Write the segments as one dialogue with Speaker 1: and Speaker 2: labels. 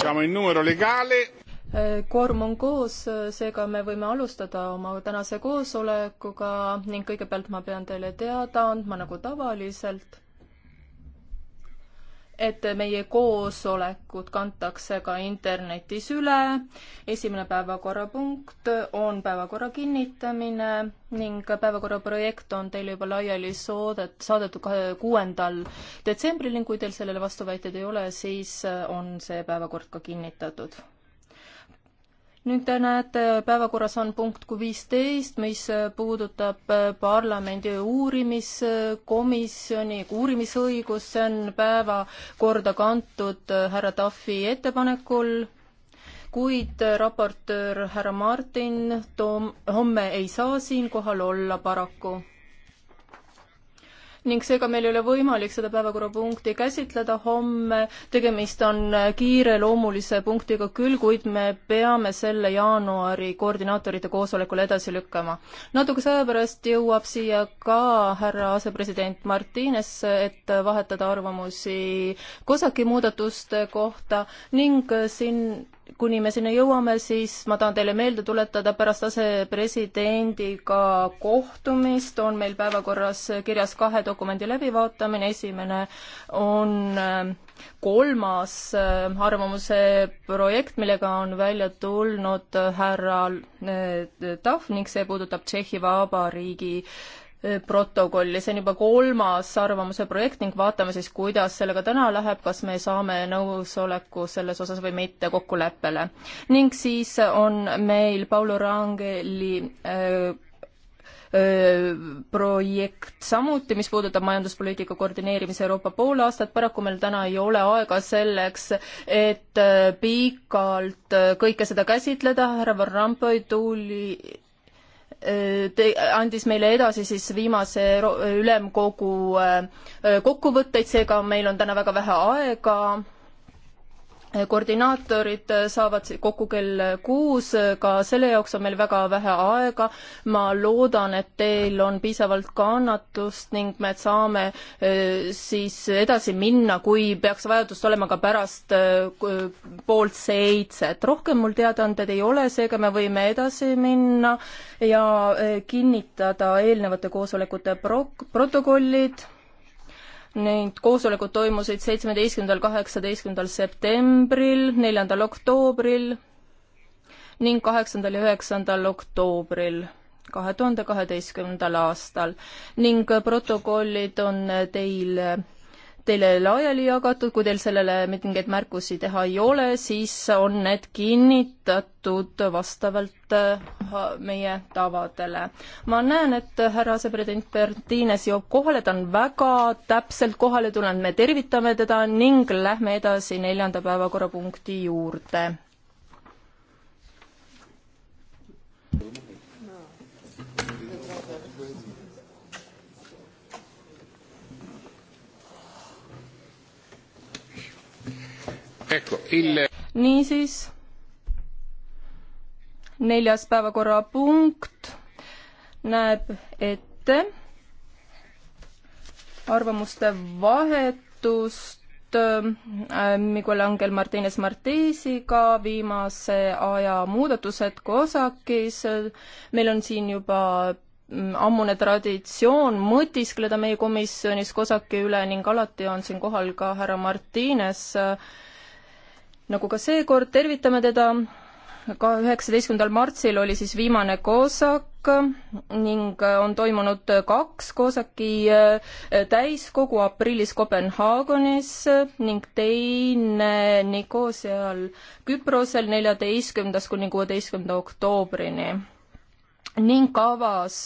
Speaker 1: Siamo in numero legale.
Speaker 2: kvorm eh, on koos, seega me võime alustada oma tänase koosolekuga ning kõigepealt ma pean teile teada andma nagu tavaliselt, et meie koosolekud kantakse ka internetis üle. esimene päevakorrapunkt on päevakorra kinnitamine ning päevakorra projekt on teile juba laiali soodet, saadetud kuuendal detsembril ning kui teil sellele vastuväiteid ei ole, siis on see päevakord ka kinnitatud nüüd te näete, päevakorras on punkt viisteist, mis puudutab äh, parlamendi uurimiskomisjoni uurimisõigust, see on päevakorda kantud äh, härra Tafi ettepanekul, kuid äh, raportöör härra Martin Toom homme ei saa siin kohal olla paraku ning seega meil ei ole võimalik seda päevakorrapunkti käsitleda homme. tegemist on kiireloomulise punktiga küll, kuid me peame selle jaanuari koordinaatorite koosolekule edasi lükkama. natukese aja pärast jõuab siia ka härra asepresident Martines, et vahetada arvamusi COSAC-i muudatuste kohta ning siin kuni me sinna jõuame, siis ma tahan teile meelde tuletada, pärast asepresidendiga kohtumist on meil päevakorras kirjas kahe dokumendi läbivaatamine, esimene on äh, kolmas äh, arvamuse projekt, millega on välja tulnud härra Tahv äh, ning see puudutab Tšehhi Vabariigi Äh, protokolli, see on juba kolmas arvamuse projekt ning vaatame siis, kuidas sellega täna läheb, kas me saame nõusoleku selles osas või mitte kokkuleppele. ning siis on meil Paulo Rangeli öö, äh, öö, äh, projekt samuti, mis puudutab majanduspoliitika koordineerimise Euroopa pool aastat, paraku meil täna ei ole aega selleks, et pikalt kõike seda käsitleda, härra Van Rompuy tuli Äh, te-, andis meile edasi siis viimase ülemkogu äh, äh, kokkuvõtteid, seega meil on täna väga vähe aega koordinaatorid saavad kokku kell kuus, ka selle jaoks on meil väga vähe aega. ma loodan, et teil on piisavalt kannatust ning me saame äh, siis edasi minna, kui peaks vajadust olema ka pärast äh, poolt seitset. rohkem mul teadaanded ei ole, seega me võime edasi minna ja äh, kinnitada eelnevate koosolekute pro-, protokollid Neid koosolekud toimusid seitsmeteistkümnendal, kaheksateistkümnendal septembril, neljandal oktoobril ning kaheksandal ja üheksandal oktoobril kahe tuhande kaheteistkümnendal aastal ning protokollid on teil teile laiali jagatud, kui teil sellele mingeid märkusi teha ei ole, siis on need kinnitatud vastavalt äh, meie tavadele. ma näen, et härra asepresident Bertines jõuab kohale, ta on väga täpselt kohale tulnud, me tervitame teda ning lähme edasi neljanda päevakorrapunkti juurde. niisiis, neljas päevakorrapunkt näeb ette arvamuste vahetust äh, Miguel Angel Martinez Martesiga, viimase aja muudatused COSAC-is, meil on siin juba mm, ammune traditsioon mõtiskleda meie komisjonis COSAC-i üle ning alati on siin kohal ka härra Martinez äh, nagu ka seekord, tervitame teda, ka üheksateistkümnendal märtsil oli siis viimane koosak ning äh, on toimunud kaks koosaki äh, täiskogu aprillis Kopenhaagenis äh, ning teine Nikosial Küprosel neljateistkümnendast kuni kuueteistkümnenda oktoobrini ning kavas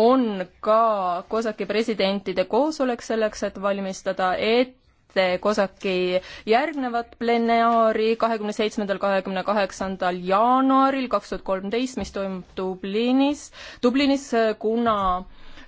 Speaker 2: on ka COSAC-i presidentide koosolek selleks, et valmistada ette ette COSAC-i järgnevat plenaari kahekümne seitsmendal, kahekümne kaheksandal jaanuaril kaks tuhat kolmteist, mis toimub Dublinis, Dublinis, kuna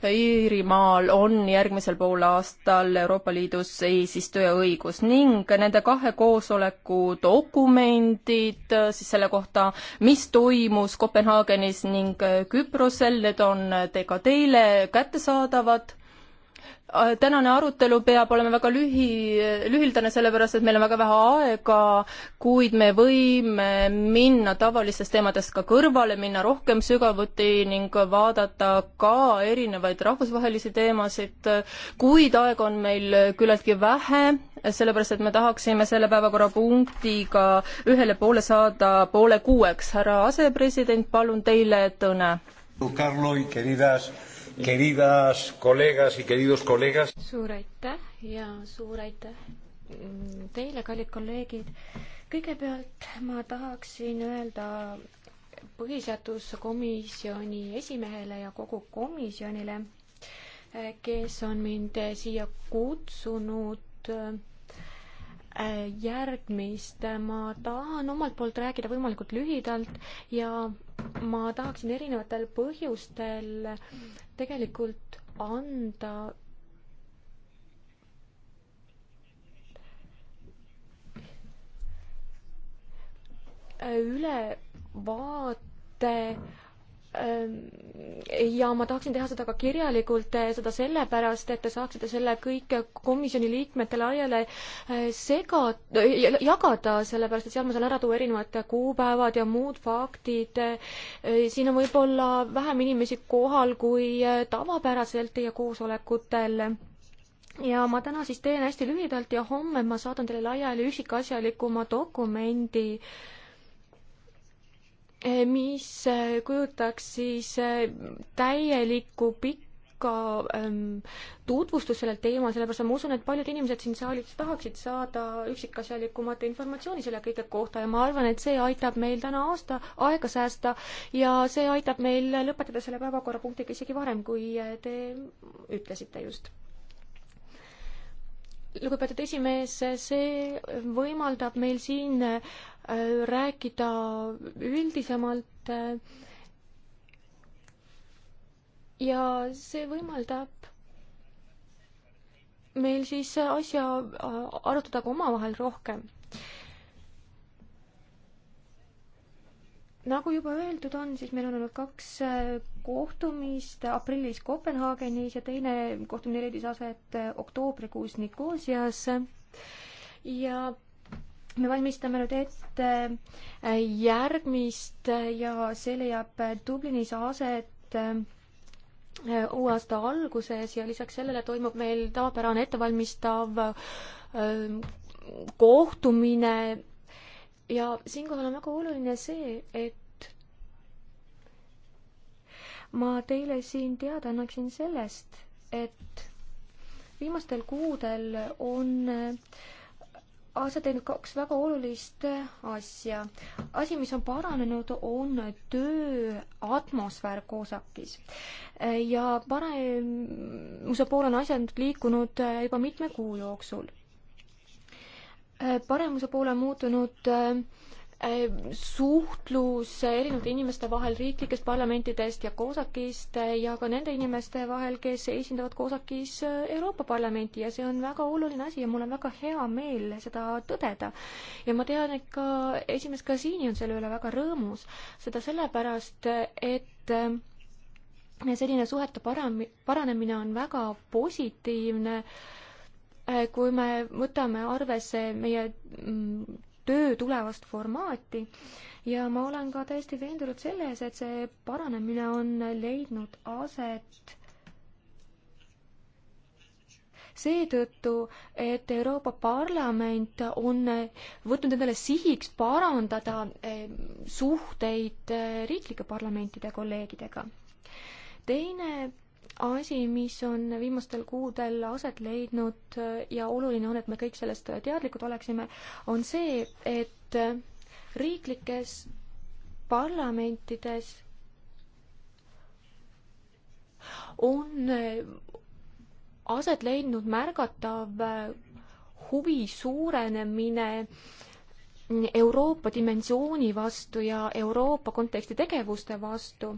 Speaker 2: Iirimaal on järgmisel poolaastal Euroopa Liidus eesistujaõigus ning nende kahe koosoleku dokumendid siis selle kohta, mis toimus Kopenhaagenis ning Küprosel, need on te ka teile kättesaadavad tänane arutelu peab olema väga lühi, lühildane, sellepärast et meil on väga vähe aega, kuid me võime minna tavalistest teemadest ka kõrvale, minna rohkem sügavuti ning vaadata ka erinevaid rahvusvahelisi teemasid, kuid aega on meil küllaltki vähe, sellepärast et me tahaksime selle päevakorrapunktiga ühele poole saada poole kuueks. härra asepresident, palun teile, Tõne. Carlos, queridas queridas colegas y queridos colegas.
Speaker 3: suur aitäh ja suur aitäh mm, teile, kallid kolleegid. kõigepealt ma tahaksin öelda põhiseaduskomisjoni esimehele ja kogu komisjonile, kes on mind siia kutsunud järgmist. ma tahan omalt poolt rääkida võimalikult lühidalt ja ma tahaksin erinevatel põhjustel tegelikult anda ülevaate ja ma tahaksin teha seda ka kirjalikult, eh, seda sellepärast, et te saaksite selle kõik komisjoni liikmete laiale eh, sega, jagada, sellepärast et seal ma saan ära tuua erinevad kuupäevad ja muud faktid. Eh, siin on võib-olla vähem inimesi kohal kui tavapäraselt teie koosolekutel ja ma täna siis teen hästi lühidalt ja homme ma saadan teile laiali üksikasjalikuma dokumendi äh, Eh, mis eh, kujutaks siis eh, täielikku pikka ehm, tutvustust sellel teemal, sellepärast et ma usun, et paljud inimesed siin saalis tahaksid saada üksikasjalikumat informatsiooni selle kõige kohta ja ma arvan, et see aitab meil täna aasta aega säästa ja see aitab meil lõpetada selle päevakorrapunktiga isegi varem, kui te ütlesite just lugupeetud esimees, see võimaldab meil siin rääkida üldisemalt. Äh, ja see võimaldab meil siis asja äh, arutada ka omavahel rohkem. nagu juba öeldud on, siis meil on olnud kaks äh, kohtumist aprillis Kopenhaagenis ja teine kohtumine leidis aset oktoobrikuus Nikosias ja me valmistame nüüd ette äh, järgmist äh, ja see leiab äh, Dublinis aset uue aasta alguses ja lisaks sellele toimub meil tavapärane ettevalmistav kohtumine ja siinkohal on väga oluline see, et ma teile siin teada annaksin sellest, et viimastel kuudel on äh, aset teinud kaks väga olulist asja. asi, mis on paranenud, on töö atmosfäär COSAC-is. ja paremuse poole on asjad liikunud juba mitme kuu jooksul. paremuse poole on muutunud äh, suhtlus erinevate inimeste vahel riiklikest parlamentidest ja COSAC-ist ja ka nende inimeste vahel, kes esindavad COSAC-is Euroopa Parlamenti ja see on väga oluline asi ja mul on väga hea meel seda tõdeda. ja ma tean, et ka esimees Kasiini on selle üle väga rõõmus, seda sellepärast, et äh, selline suhete param-, paranemine on väga positiivne, äh, kui me võtame arvesse meie mm, töö tulevast formaati ja ma olen ka täiesti veendunud selles, et see paranemine on leidnud aset seetõttu, et Euroopa Parlament on võtnud endale sihiks parandada eh, suhteid eh, riiklike parlamentide kolleegidega. teine asi, mis on viimastel kuudel aset leidnud äh, ja oluline on, et me kõik sellest teadlikud oleksime, on see, et äh, riiklikes parlamentides on äh, aset leidnud märgatav huvi suurenemine mm, Euroopa dimensiooni vastu ja Euroopa konteksti tegevuste vastu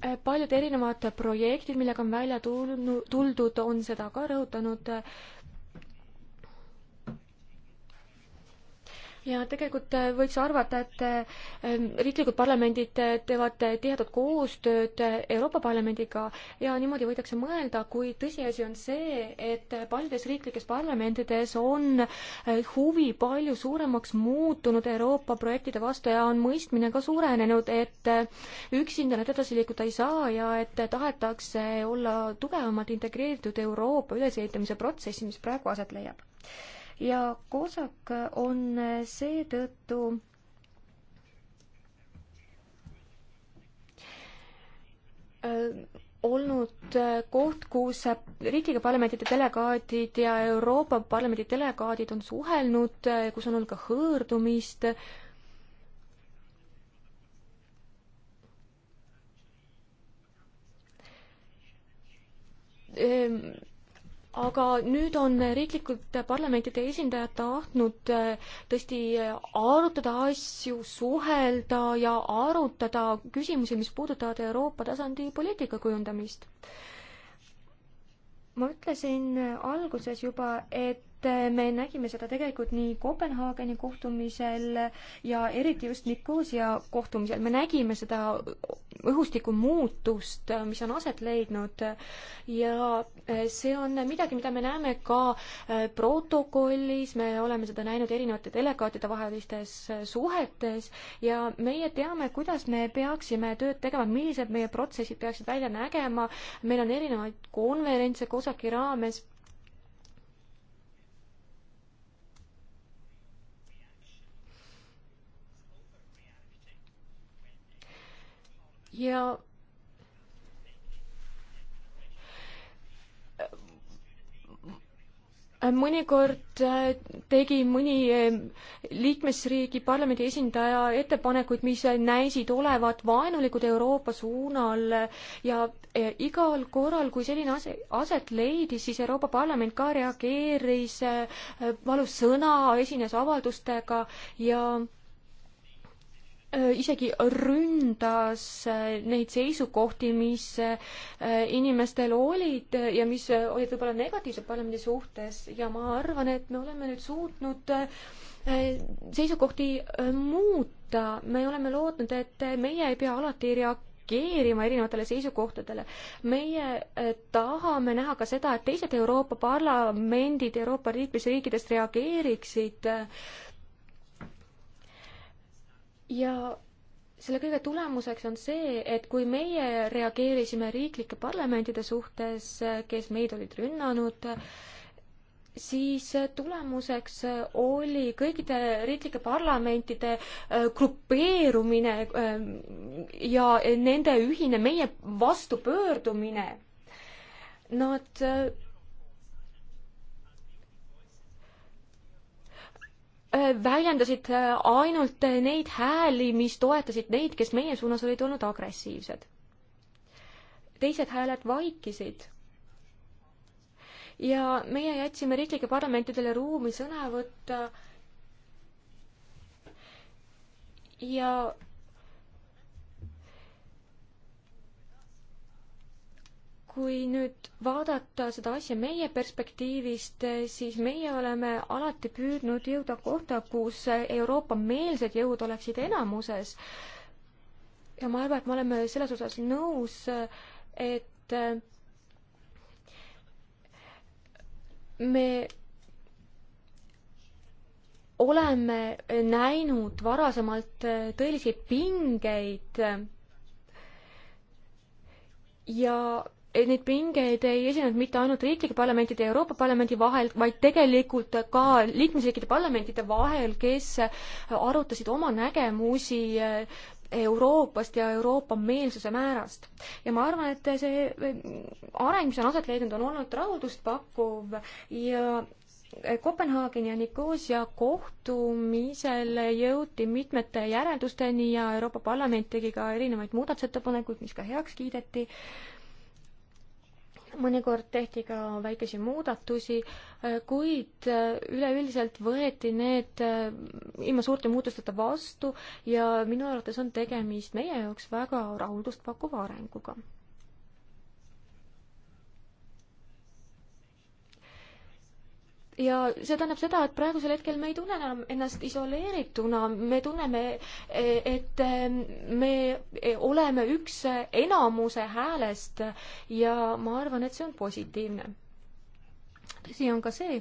Speaker 3: Äh, paljud erinevad projektid, millega on välja tulnud, tuldud, on seda ka rõhutanud ja tegelikult äh, võiks arvata, et äh, ähm, riiklikud parlamendid äh, teevad tihedat koostööd Euroopa Parlamendiga ja niimoodi võidakse mõelda, kui tõsiasi on see, et paljudes riiklikes parlamentides on huvi palju suuremaks muutunud Euroopa projektide vastu ja on mõistmine ka suurenenud, et üksinda nad edasi liikuda ei saa ja et tahetakse olla tugevamalt integreeritud Euroopa ülesehitamise protsessi, mis praegu aset leiab ja COSAC on seetõttu olnud koht, kus riiklike parlamentide delegaadid ja Euroopa Parlamendi delegaadid on suhelnud, kus on olnud ka hõõrdumist. Ehm, aga nüüd on riiklikult parlamentide esindajad tahtnud äh, tõesti äh, arutada asju, suhelda ja arutada küsimusi, mis puudutavad Euroopa tasandi poliitika kujundamist. ma ütlesin äh, alguses juba, et et me nägime seda tegelikult nii Kopenhaageni kohtumisel ja eriti just Nikosia kohtumisel, me nägime seda õhustiku muutust, mis on aset leidnud ja eh, see on midagi, mida me näeme ka eh, protokollis, me oleme seda näinud erinevate delegaatide vahelistes eh, suhetes ja meie teame, kuidas me peaksime tööd tegema, millised meie protsessid peaksid välja nägema, meil on erinevaid konverentse COSAC-i raames ja mõnikord äh, tegi mõni äh, liikmesriigi parlamendi esindaja ettepanekuid, mis näisid olevat vaenulikud Euroopa suunal ja äh, igal korral, kui selline ase, aset leidis, siis Euroopa Parlament ka reageeris, valus sõna, esines avaldustega ja Äh, isegi ründas äh, neid seisukohti, mis äh, inimestel olid ja mis olid võib-olla negatiivsed parlamendi suhtes ja ma arvan, et me oleme nüüd suutnud seisukohti muuta, me oleme lootnud, et meie ei pea alati reageerima erinevatele seisukohtadele. meie tahame näha ka seda, et teised Euroopa parlamendid Euroopa liikmesriikidest reageeriksid äh, ja selle kõige tulemuseks on see, et kui meie reageerisime riiklike parlamentide suhtes, kes meid olid rünnanud, siis tulemuseks oli kõikide riiklike parlamentide äh, grupeerumine äh, ja nende ühine meie vastupöördumine. Nad äh, Äh, väljendasid äh, ainult äh, neid hääli, mis toetasid neid, kes meie suunas olid olnud agressiivsed. teised hääled vaikisid. ja meie jätsime riiklike parlamentidele ruumi sõna võtta ja kui nüüd vaadata seda asja meie perspektiivist, siis meie oleme alati püüdnud jõuda kohta, kus Euroopa-meelsed jõud oleksid enamuses. ja ma arvan, et me oleme selles osas nõus, et me oleme näinud varasemalt tõelisi pingeid ja Eh, neid pingeid ei esinenud mitte ainult riiklike parlamentide ja Euroopa Parlamendi vahel, vaid tegelikult ka liikmesriikide parlamentide vahel, kes eh, arutasid oma nägemusi eh, Euroopast ja Euroopa meelsuse määrast. ja ma arvan, et see areng, mis on aset leidnud, on olnud rahuldustpakkuv ja Kopenhaageni ja Nicosia kohtumisel jõuti mitmete järeldusteni ja Euroopa Parlament tegi ka erinevaid muudatusettepanekuid, mis ka heaks kiideti mõnikord tehti ka väikesi muudatusi, äh, kuid äh, üleüldiselt võeti need äh, ilma suurte muutusteta vastu ja minu arvates on tegemist meie jaoks väga rahuldust pakkuva arenguga ja see tähendab seda, et praegusel hetkel me ei tunne enam ennast isoleerituna, me tunneme, et ehm, me e, oleme üks enamuse häälest ja ma arvan, et see on positiivne. tõsi on ka see,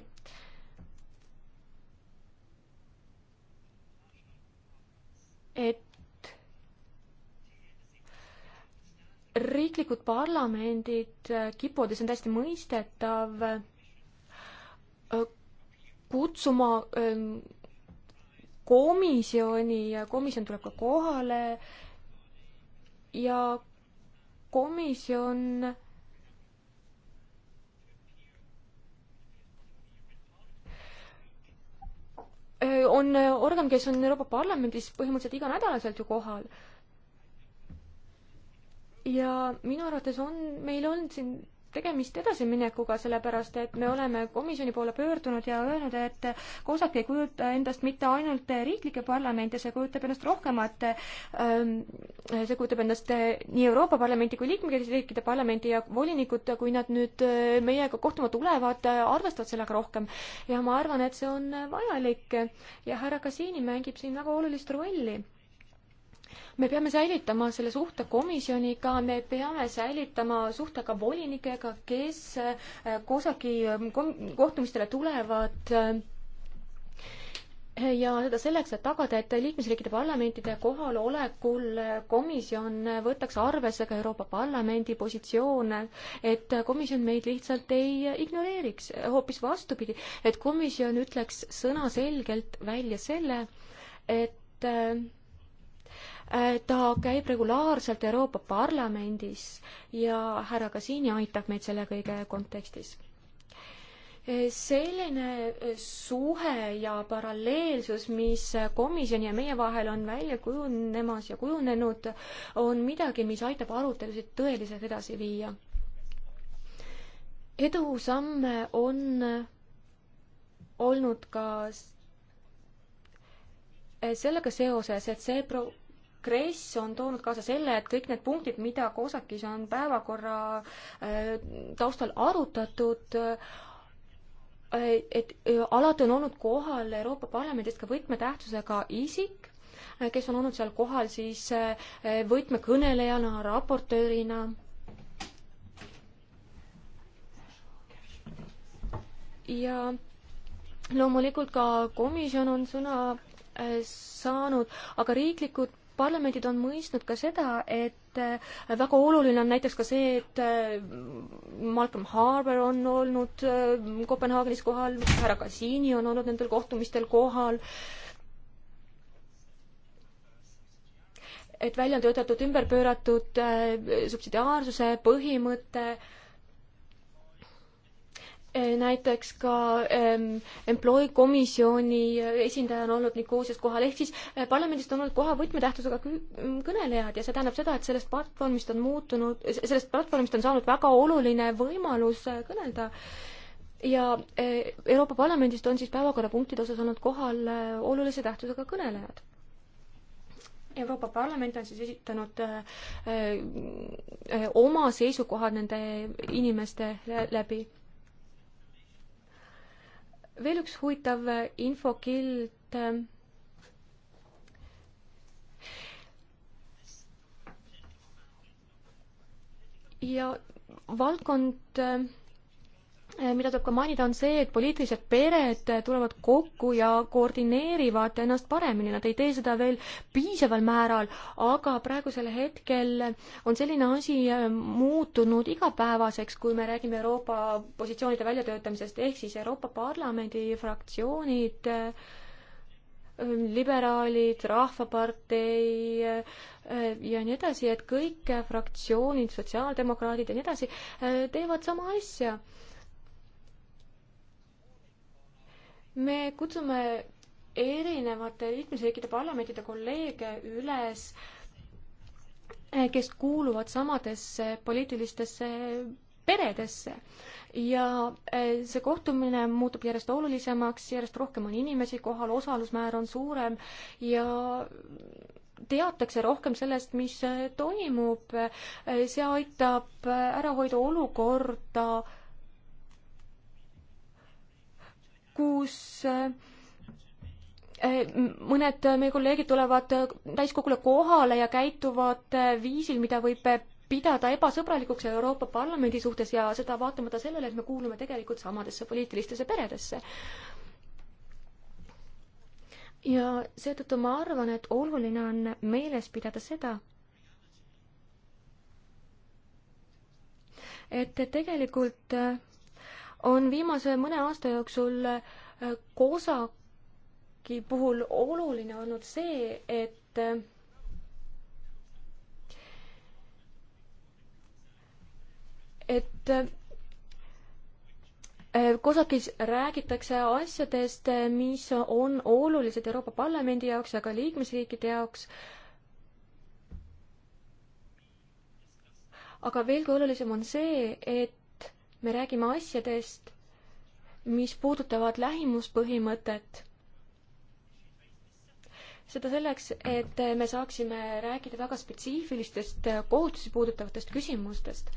Speaker 3: et riiklikud parlamendid kipuvad, ja see on täiesti mõistetav, kutsuma ähm, komisjoni ja komisjon tuleb ka kohale ja komisjon on organ, kes on Euroopa Parlamendis põhimõtteliselt iganädalaselt ju kohal. ja minu arvates on meil olnud siin tegemist edasiminekuga, sellepärast et me oleme komisjoni poole pöördunud ja öelnud, et COSAC ei kujuta endast mitte ainult riiklikke parlamente, see kujutab endast rohkemat, ähm, see kujutab endast äh, nii Euroopa Parlamenti kui liikmesriikide parlamenti ja volinikud, kui nad nüüd äh, meiega kohtuma tulevad, äh, arvestavad sellega rohkem. ja ma arvan, et see on vajalik ja härra Kasiini mängib siin väga olulist rolli me peame säilitama selle suhte komisjoniga, me peame säilitama suhte ka volinikega, kes COSAC-i äh, ähm, kohtumistele tulevad äh, ja seda selleks, et tagada, et liikmesriikide parlamentide kohalolekul komisjon võtaks arvesse ka Euroopa Parlamendi positsioone, et komisjon meid lihtsalt ei ignoreeriks, hoopis vastupidi, et komisjon ütleks sõnaselgelt välja selle, et äh, Äh, ta käib regulaarselt Euroopa Parlamendis ja härra Kasiini aitab meid selle kõige kontekstis. Äh, selline äh, suhe ja paralleelsus, mis komisjoni ja meie vahel on välja kujunemas ja kujunenud, on midagi, mis aitab arutelusid tõeliselt edasi viia. edusamme on olnud ka sellega seoses, et see pro-, kongress on toonud kaasa selle, et kõik need punktid, mida COSAC-is on päevakorra äh, taustal arutatud, äh, et äh, alati on olnud kohal Euroopa Parlamendist ka võtmetähtsusega isik, kes on olnud seal kohal siis võtmekõnelejana, raportöörina. ja loomulikult ka komisjon on sõna saanud, aga riiklikud parlamendid on mõistnud ka seda, et äh, väga oluline on näiteks ka see, et äh, Malcolm Harbour on olnud äh, Kopenhaagenis kohal, härra Kassiini on olnud nendel kohtumistel kohal, et välja on töötatud ümberpööratud subsidiaarsuse põhimõte äh, Eh, näiteks ka ähm, employee komisjoni eh, esindaja on olnud Nikoosias kohal, ehk siis äh, parlamendist on olnud koha võtmetähtsusega mm, kõnelejad ja see tähendab seda, et sellest platvormist on muutunud, sellest platvormist on saanud väga oluline võimalus äh, kõnelda ja äh, Euroopa Parlamendist on siis päevakorrapunktide osas olnud kohal äh, olulise tähtsusega kõnelejad. Euroopa Parlament on siis esitanud äh, äh, oma seisukohad nende inimeste läbi veel üks huvitav äh, infokild. Äh, ja valdkond äh, Äh, mida tuleb ka mainida, on see, et poliitilised pered tulevad kokku ja koordineerivad ennast paremini, nad ei tee seda veel piisaval määral, aga praegusel hetkel on selline asi äh, muutunud igapäevaseks, kui me räägime Euroopa positsioonide väljatöötamisest, ehk siis Euroopa Parlamendi fraktsioonid äh, liberaalid, Rahvapartei ja nii edasi, et kõik fraktsioonid, sotsiaaldemokraadid ja nii edasi, teevad sama asja me kutsume erinevate liikmesriikide parlamentide kolleege üles, eh, kes kuuluvad samadesse poliitilistesse peredesse ja eh, see kohtumine muutub järjest olulisemaks, järjest rohkem on inimesi kohal, osalusmäär on suurem ja teatakse rohkem sellest, mis toimub. Eh, see aitab ära hoida olukorda, kus eh, eh, mõned eh, meie kolleegid tulevad täiskogule kohale ja käituvad viisil, mida võib pidada ebasõbralikuks Euroopa Parlamendi suhtes ja seda vaatamata sellele, et me kuulume tegelikult samadesse poliitilistesse peredesse. ja seetõttu ma arvan, et oluline on meeles pidada seda, et tegelikult äh, on viimase mõne aasta jooksul COSAC-i äh, puhul oluline olnud see, et et COSAC-is äh, räägitakse asjadest, mis on olulised Euroopa Parlamendi jaoks ja ka liikmesriikide jaoks. aga veelgi olulisem on see, et me räägime asjadest, mis puudutavad lähimuspõhimõtet. seda selleks, et me saaksime rääkida väga spetsiifilistest kohutusi puudutavatest küsimustest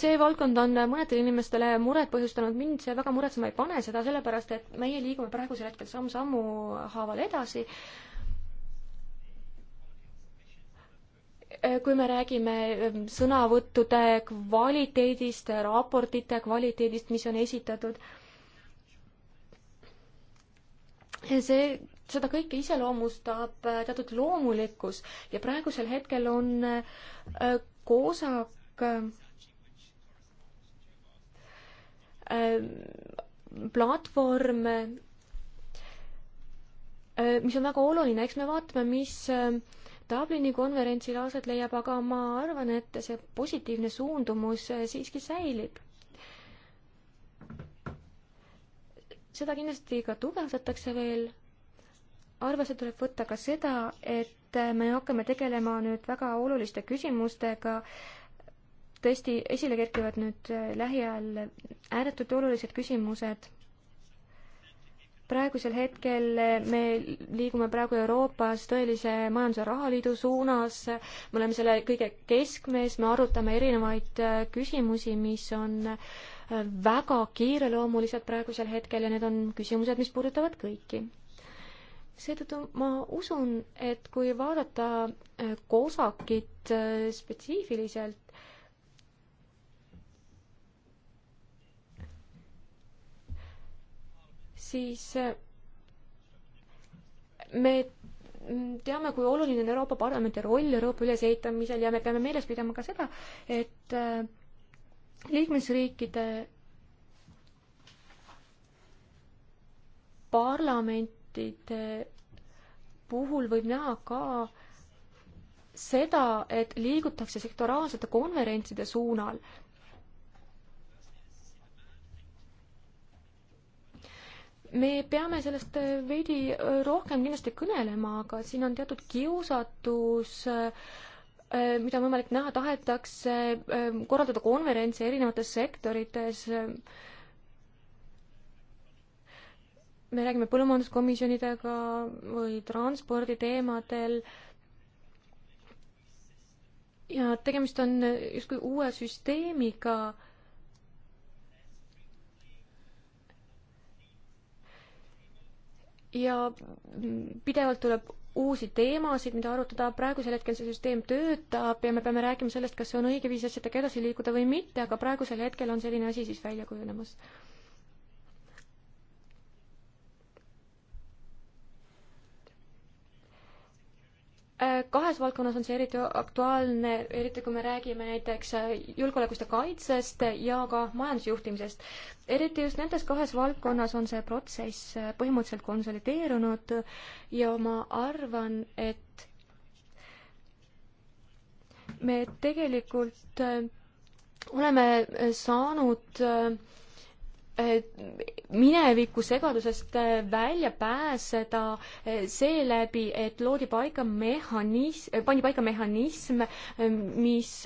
Speaker 3: see valdkond on mõnedele inimestele muret põhjustanud, mind see väga muretsema ei pane seda, sellepärast et meie liigume praegusel hetkel samm-sammu haaval edasi Äh, kui me räägime ähm, sõnavõttude kvaliteedist, raportite kvaliteedist, mis on esitatud, see, seda kõike iseloomustab äh, teatud loomulikkus ja praegusel hetkel on äh, koosak platvorm, mis on väga oluline, eks me vaatame, mis Dublini konverentsil aset leiab, aga ma arvan, et see positiivne suundumus siiski säilib. seda kindlasti ka tugevdatakse veel. arvesse tuleb võtta ka seda, et me hakkame tegelema nüüd väga oluliste küsimustega tõesti esile kerkivad nüüd lähiajal ääretult olulised küsimused praegusel hetkel me liigume praegu Euroopas tõelise majanduse rahaliidu suunas, me oleme selle kõige keskmes, me arutame erinevaid äh, küsimusi, mis on äh, väga kiireloomulised praegusel hetkel ja need on küsimused, mis puudutavad kõiki. seetõttu ma usun, et kui vaadata COSAC-it äh, spetsiifiliselt, siis eh, me teame, kui oluline on Euroopa Parlamendi roll Euroopa ülesehitamisel ja me peame meeles pidama ka seda, et eh, liikmesriikide parlamentide puhul võib näha ka seda, et liigutakse sektoraalsete konverentside suunal me peame sellest veidi rohkem kindlasti kõnelema, aga siin on teatud kiusatus, eh, mida on võimalik näha, tahetakse eh, korraldada konverentse erinevates sektorites. me räägime põllumajanduskomisjonidega või transporditeemadel. ja tegemist on justkui uue süsteemiga ja pidevalt tuleb uusi teemasid, mida arutada, praegusel hetkel see süsteem töötab ja me peame rääkima sellest, kas see on õige viis asjadega edasi liikuda või mitte, aga praegusel hetkel on selline asi siis välja kujunemas. Äh, kahes valdkonnas on see eriti aktuaalne, eriti kui me räägime näiteks äh, julgeolekust ja kaitsest ja ka majandusjuhtimisest. eriti just nendes kahes valdkonnas on see protsess äh, põhimõtteliselt konsolideerunud ja ma arvan, et me tegelikult oleme saanud mineviku segadusest äh, välja pääseda äh, seeläbi, et loodi paika mehhanism, äh, pandi paika mehhanism, mis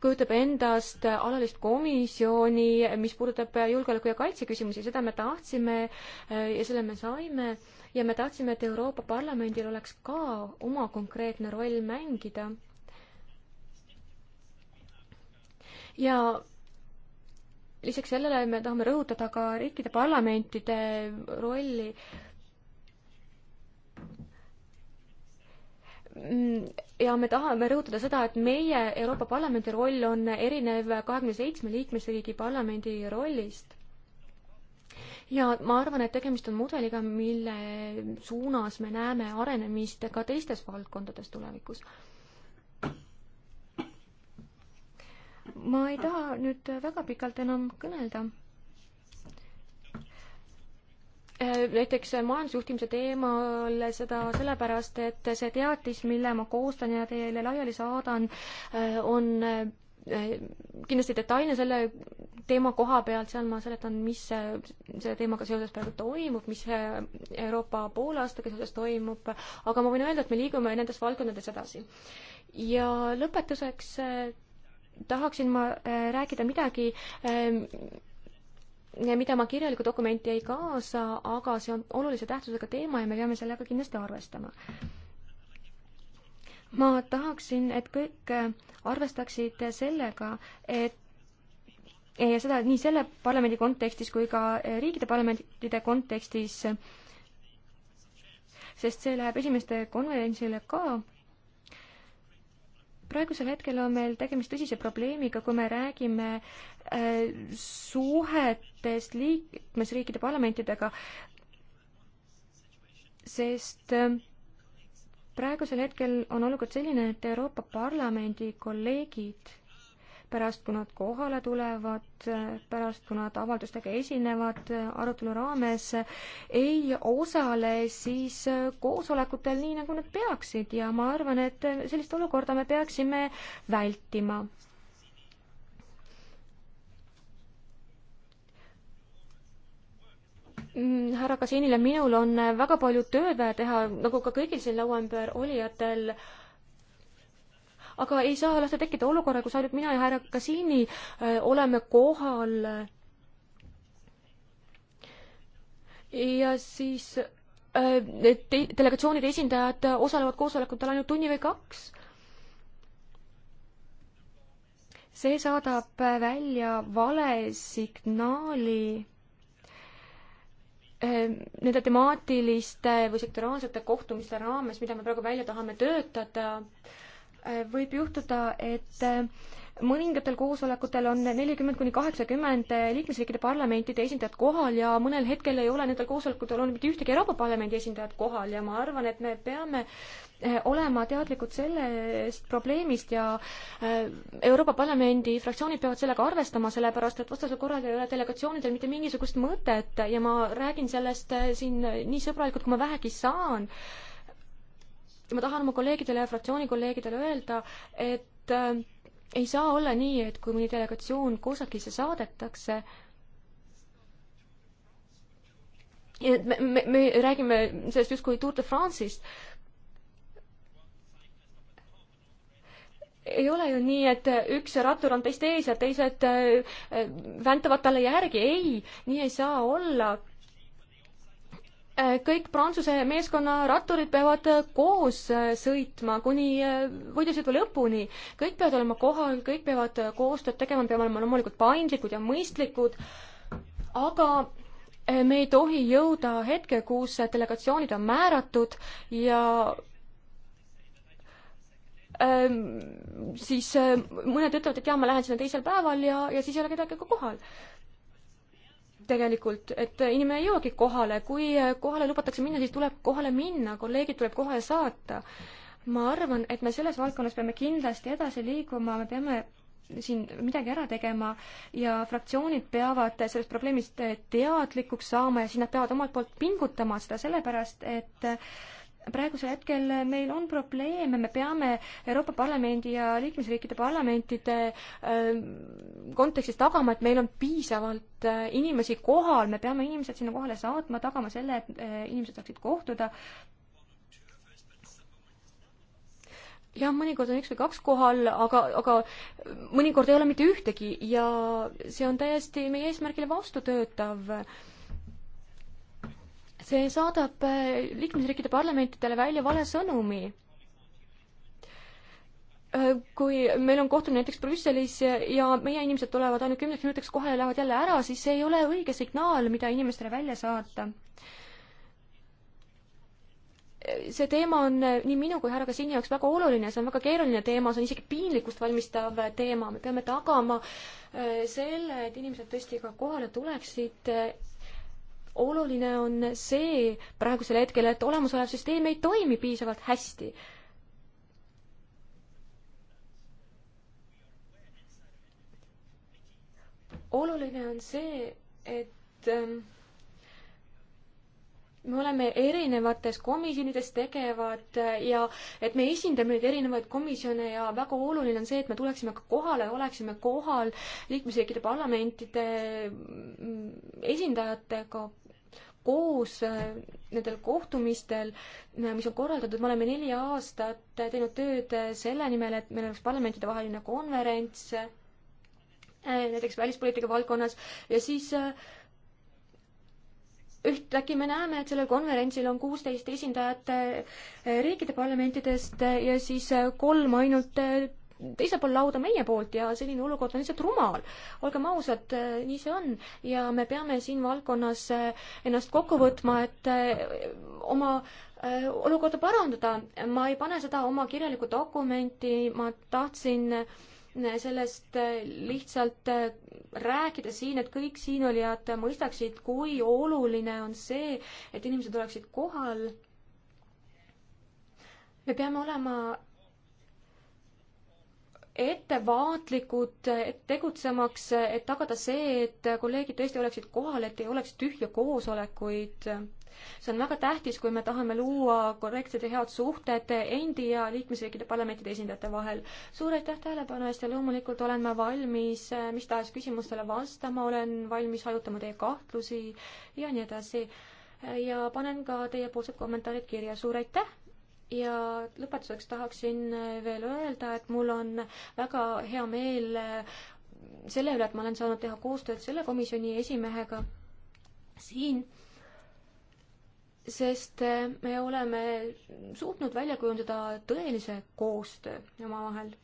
Speaker 3: kujutab endast alalist komisjoni, mis puudutab julgeoleku ja kaitse küsimusi, seda me tahtsime ja selle me saime ja me tahtsime, et Euroopa Parlamendil oleks ka oma konkreetne roll mängida. ja lisaks sellele me tahame rõhutada ka riikide parlamentide rolli. Mm, ja me tahame rõhutada seda, et meie Euroopa Parlamendi roll on erinev kahekümne seitsme liikmesriigi parlamendi rollist. ja ma arvan, et tegemist on mudeliga, mille suunas me näeme arenemist ka teistes valdkondades tulevikus ma ei taha nüüd väga pikalt enam kõnelda. Äh, näiteks majandusjuhtimise teemal seda sellepärast, et see teatis, mille ma koostan ja teile laiali saadan, äh, on äh, kindlasti detailne selle teema koha pealt, seal ma seletan, mis selle teemaga seoses praegu toimub, mis Euroopa poolaastaga seoses toimub, aga ma võin öelda, et me liigume nendes valdkondades edasi. ja lõpetuseks tahaksin ma äh, rääkida midagi, ähm, mida ma kirjalikku dokumenti ei kaasa, aga see on olulise tähtsusega teema ja me peame sellega kindlasti arvestama. ma tahaksin, et kõik äh, arvestaksid sellega, et ja seda nii selle parlamendi kontekstis kui ka äh, riikide parlamentide kontekstis, sest see läheb esimeste konverentsile ka praegusel hetkel on meil tegemist tõsise probleemiga, kui me räägime äh, suhetest liikmesriikide parlamentidega, sest äh, praegusel hetkel on olukord selline, et Euroopa Parlamendi kolleegid pärast kui nad kohale tulevad, pärast kui nad avaldustega esinevad arutelu raames, ei osale siis koosolekutel nii, nagu nad peaksid ja ma arvan, et sellist olukorda me peaksime vältima härra Kasinile, minul on väga palju tööd vaja teha, nagu ka kõigil siin laua ümber olijatel, aga ei saa lasta tekkida olukorra, kus ainult mina ja härra Kassiini äh, oleme kohal. ja siis äh, te delegatsioonide esindajad osalevad koosolekutel ainult tunni või kaks see saadab välja vale signaali äh, nende temaatiliste või sektoraalsete kohtumiste raames, mida me praegu välja tahame töötada, võib juhtuda, et äh, mõningatel koosolekutel on nelikümmend kuni kaheksakümmend äh, liikmesriikide parlamentide esindajat kohal ja mõnel hetkel ei ole nendel koosolekutel olnud mitte ühtegi Euroopa Parlamendi esindajat kohal ja ma arvan, et me peame äh, olema teadlikud sellest probleemist ja Euroopa Parlamendi fraktsioonid peavad sellega arvestama, sellepärast et vastasel korral ei ole delegatsioonidel mitte mingisugust mõtet ja ma räägin sellest siin nii sõbralikult, kui ma vähegi saan ma tahan oma kolleegidele ja fraktsiooni kolleegidele öelda, et äh, ei saa olla nii, et kui mõni delegatsioon COSAC-isse saadetakse, et me, me, me räägime sellest justkui Tour de France'ist. ei ole ju nii, et üks rattur on teist ees ja teised äh, äh väntavad talle järgi, ei, nii ei saa olla Eh, kõik Prantsuse meeskonna ratturid peavad eh, koos eh, sõitma kuni võidusõidu lõpuni. kõik peavad olema kohal, kõik peavad koostööd tegema, peame olema loomulikult paindlikud ja mõistlikud, aga me ei tohi jõuda hetke, kus delegatsioonid on määratud ja ähm, siis äh, mõned ütlevad, et jaa, ma lähen sinna teisel päeval ja, ja siis ei ole kedagi ka kohal tegelikult, et inimene ei jõuagi kohale, kui kohale lubatakse minna, siis tuleb kohale minna, kolleegid tuleb kohe saata. ma arvan, et me selles valdkonnas peame kindlasti edasi liikuma, me peame siin midagi ära tegema ja fraktsioonid peavad sellest probleemist teadlikuks saama ja siis nad peavad omalt poolt pingutama seda sellepärast, et praegusel hetkel meil on probleeme, me peame Euroopa Parlamendi ja liikmesriikide parlamentide ähm, kontekstis tagama, et meil on piisavalt äh, inimesi kohal, me peame inimesed sinna kohale saatma, tagama selle, et äh, inimesed saaksid kohtuda jah, mõnikord on üks või kaks kohal, aga, aga mõnikord ei ole mitte ühtegi ja see on täiesti meie eesmärgile vastutöötav see saadab äh, liikmesriikide parlamentidele välja vale sõnumi. Äh, kui meil on kohtumine näiteks Brüsselis ja meie inimesed tulevad ainult kümneks minutiks kohale ja lähevad jälle ära, siis see ei ole õige signaal, mida inimestele välja saata. see teema on äh, nii minu kui härra Kassini jaoks väga oluline, see on väga keeruline teema, see on isegi piinlikkust valmistav teema, me peame tagama selle, et inimesed tõesti ka kohale tuleksid oluline on see praegusel hetkel, et olemasolev süsteem ei toimi piisavalt hästi. oluline on see, et ähm, me oleme erinevates komisjonides tegevad äh, ja et me esindame neid erinevaid komisjone ja väga oluline on see, et me tuleksime ka kohale, oleksime kohal liikmesriikide parlamentide mm, esindajatega koos äh, nendel kohtumistel, äh, mis on korraldatud, me oleme neli aastat äh, teinud tööd selle nimel, et meil oleks parlamentidevaheline konverents näiteks välispoliitika valdkonnas ja siis ühtäkki me näeme, et sellel konverentsil on kuusteist esindajat riikide parlamentidest ja siis kolm ainult teisel pool lauda meie poolt ja selline olukord on lihtsalt rumal. olgem ausad, äh, nii see on ja me peame siin valdkonnas äh, ennast kokku võtma, et äh, oma olukorda parandada. ma ei pane seda oma kirjalikku dokumenti, ma tahtsin sellest lihtsalt rääkida siin, et kõik siinolijad mõistaksid, kui oluline on see, et inimesed oleksid kohal. me peame olema ettevaatlikud tegutsemaks, et tagada see, et kolleegid tõesti oleksid kohal, et ei oleks tühja koosolekuid. see on väga tähtis, kui me tahame luua korrektsed ja head suhted endi ja liikmesriikide parlamentide esindajate vahel. suur aitäh tähelepanu eest ja loomulikult olen ma valmis eh, mis tahes küsimustele vastama, olen valmis hajutama teie kahtlusi ja nii edasi. ja panen ka teiepoolsed kommentaarid kirja, suur aitäh ja lõpetuseks tahaksin äh, veel öelda, et mul on väga hea meel äh, selle üle, et ma olen saanud teha koostööd selle komisjoni esimehega siin, sest äh, me oleme suutnud välja kujundada tõelise koostöö omavahel.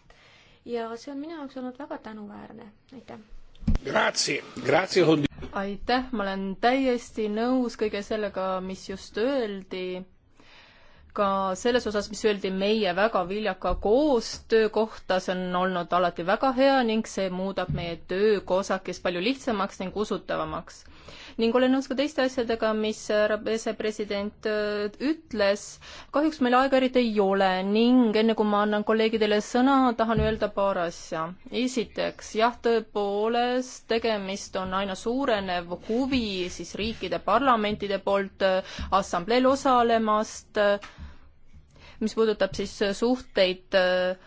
Speaker 3: ja see on minu jaoks olnud väga tänuväärne, aitäh!
Speaker 1: Grazie, grazie!
Speaker 2: aitäh, ma olen täiesti nõus kõige sellega, mis just öeldi ka selles osas, mis öeldi meie väga viljaka koostöö kohta, see on olnud alati väga hea ning see muudab meie töö COSAC-is palju lihtsamaks ning usutavamaks. ning olen nõus ka teiste asjadega, mis härra president äh, ütles. kahjuks meil aega eriti ei ole ning enne kui ma annan kolleegidele sõna, tahan öelda paar asja. esiteks, jah, tõepoolest, tegemist on aina suurenev huvi siis riikide parlamentide poolt äh, assambleel osalemast äh, mis puudutab siis suhteid äh,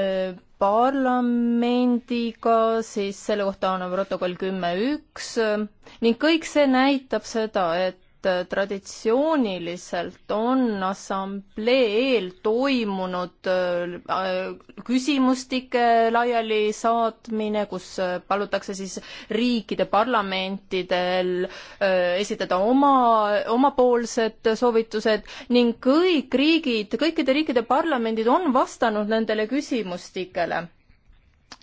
Speaker 2: äh, parlamendiga, siis selle kohta on protokoll kümme üks äh, ning kõik see näitab seda, et et äh, traditsiooniliselt on assamblee eel toimunud äh, küsimustike laialisaatmine, kus äh, palutakse siis riikide parlamentidel esitada oma, omapoolsed soovitused ning kõik riigid, kõikide riikide parlamendid on vastanud nendele küsimustikele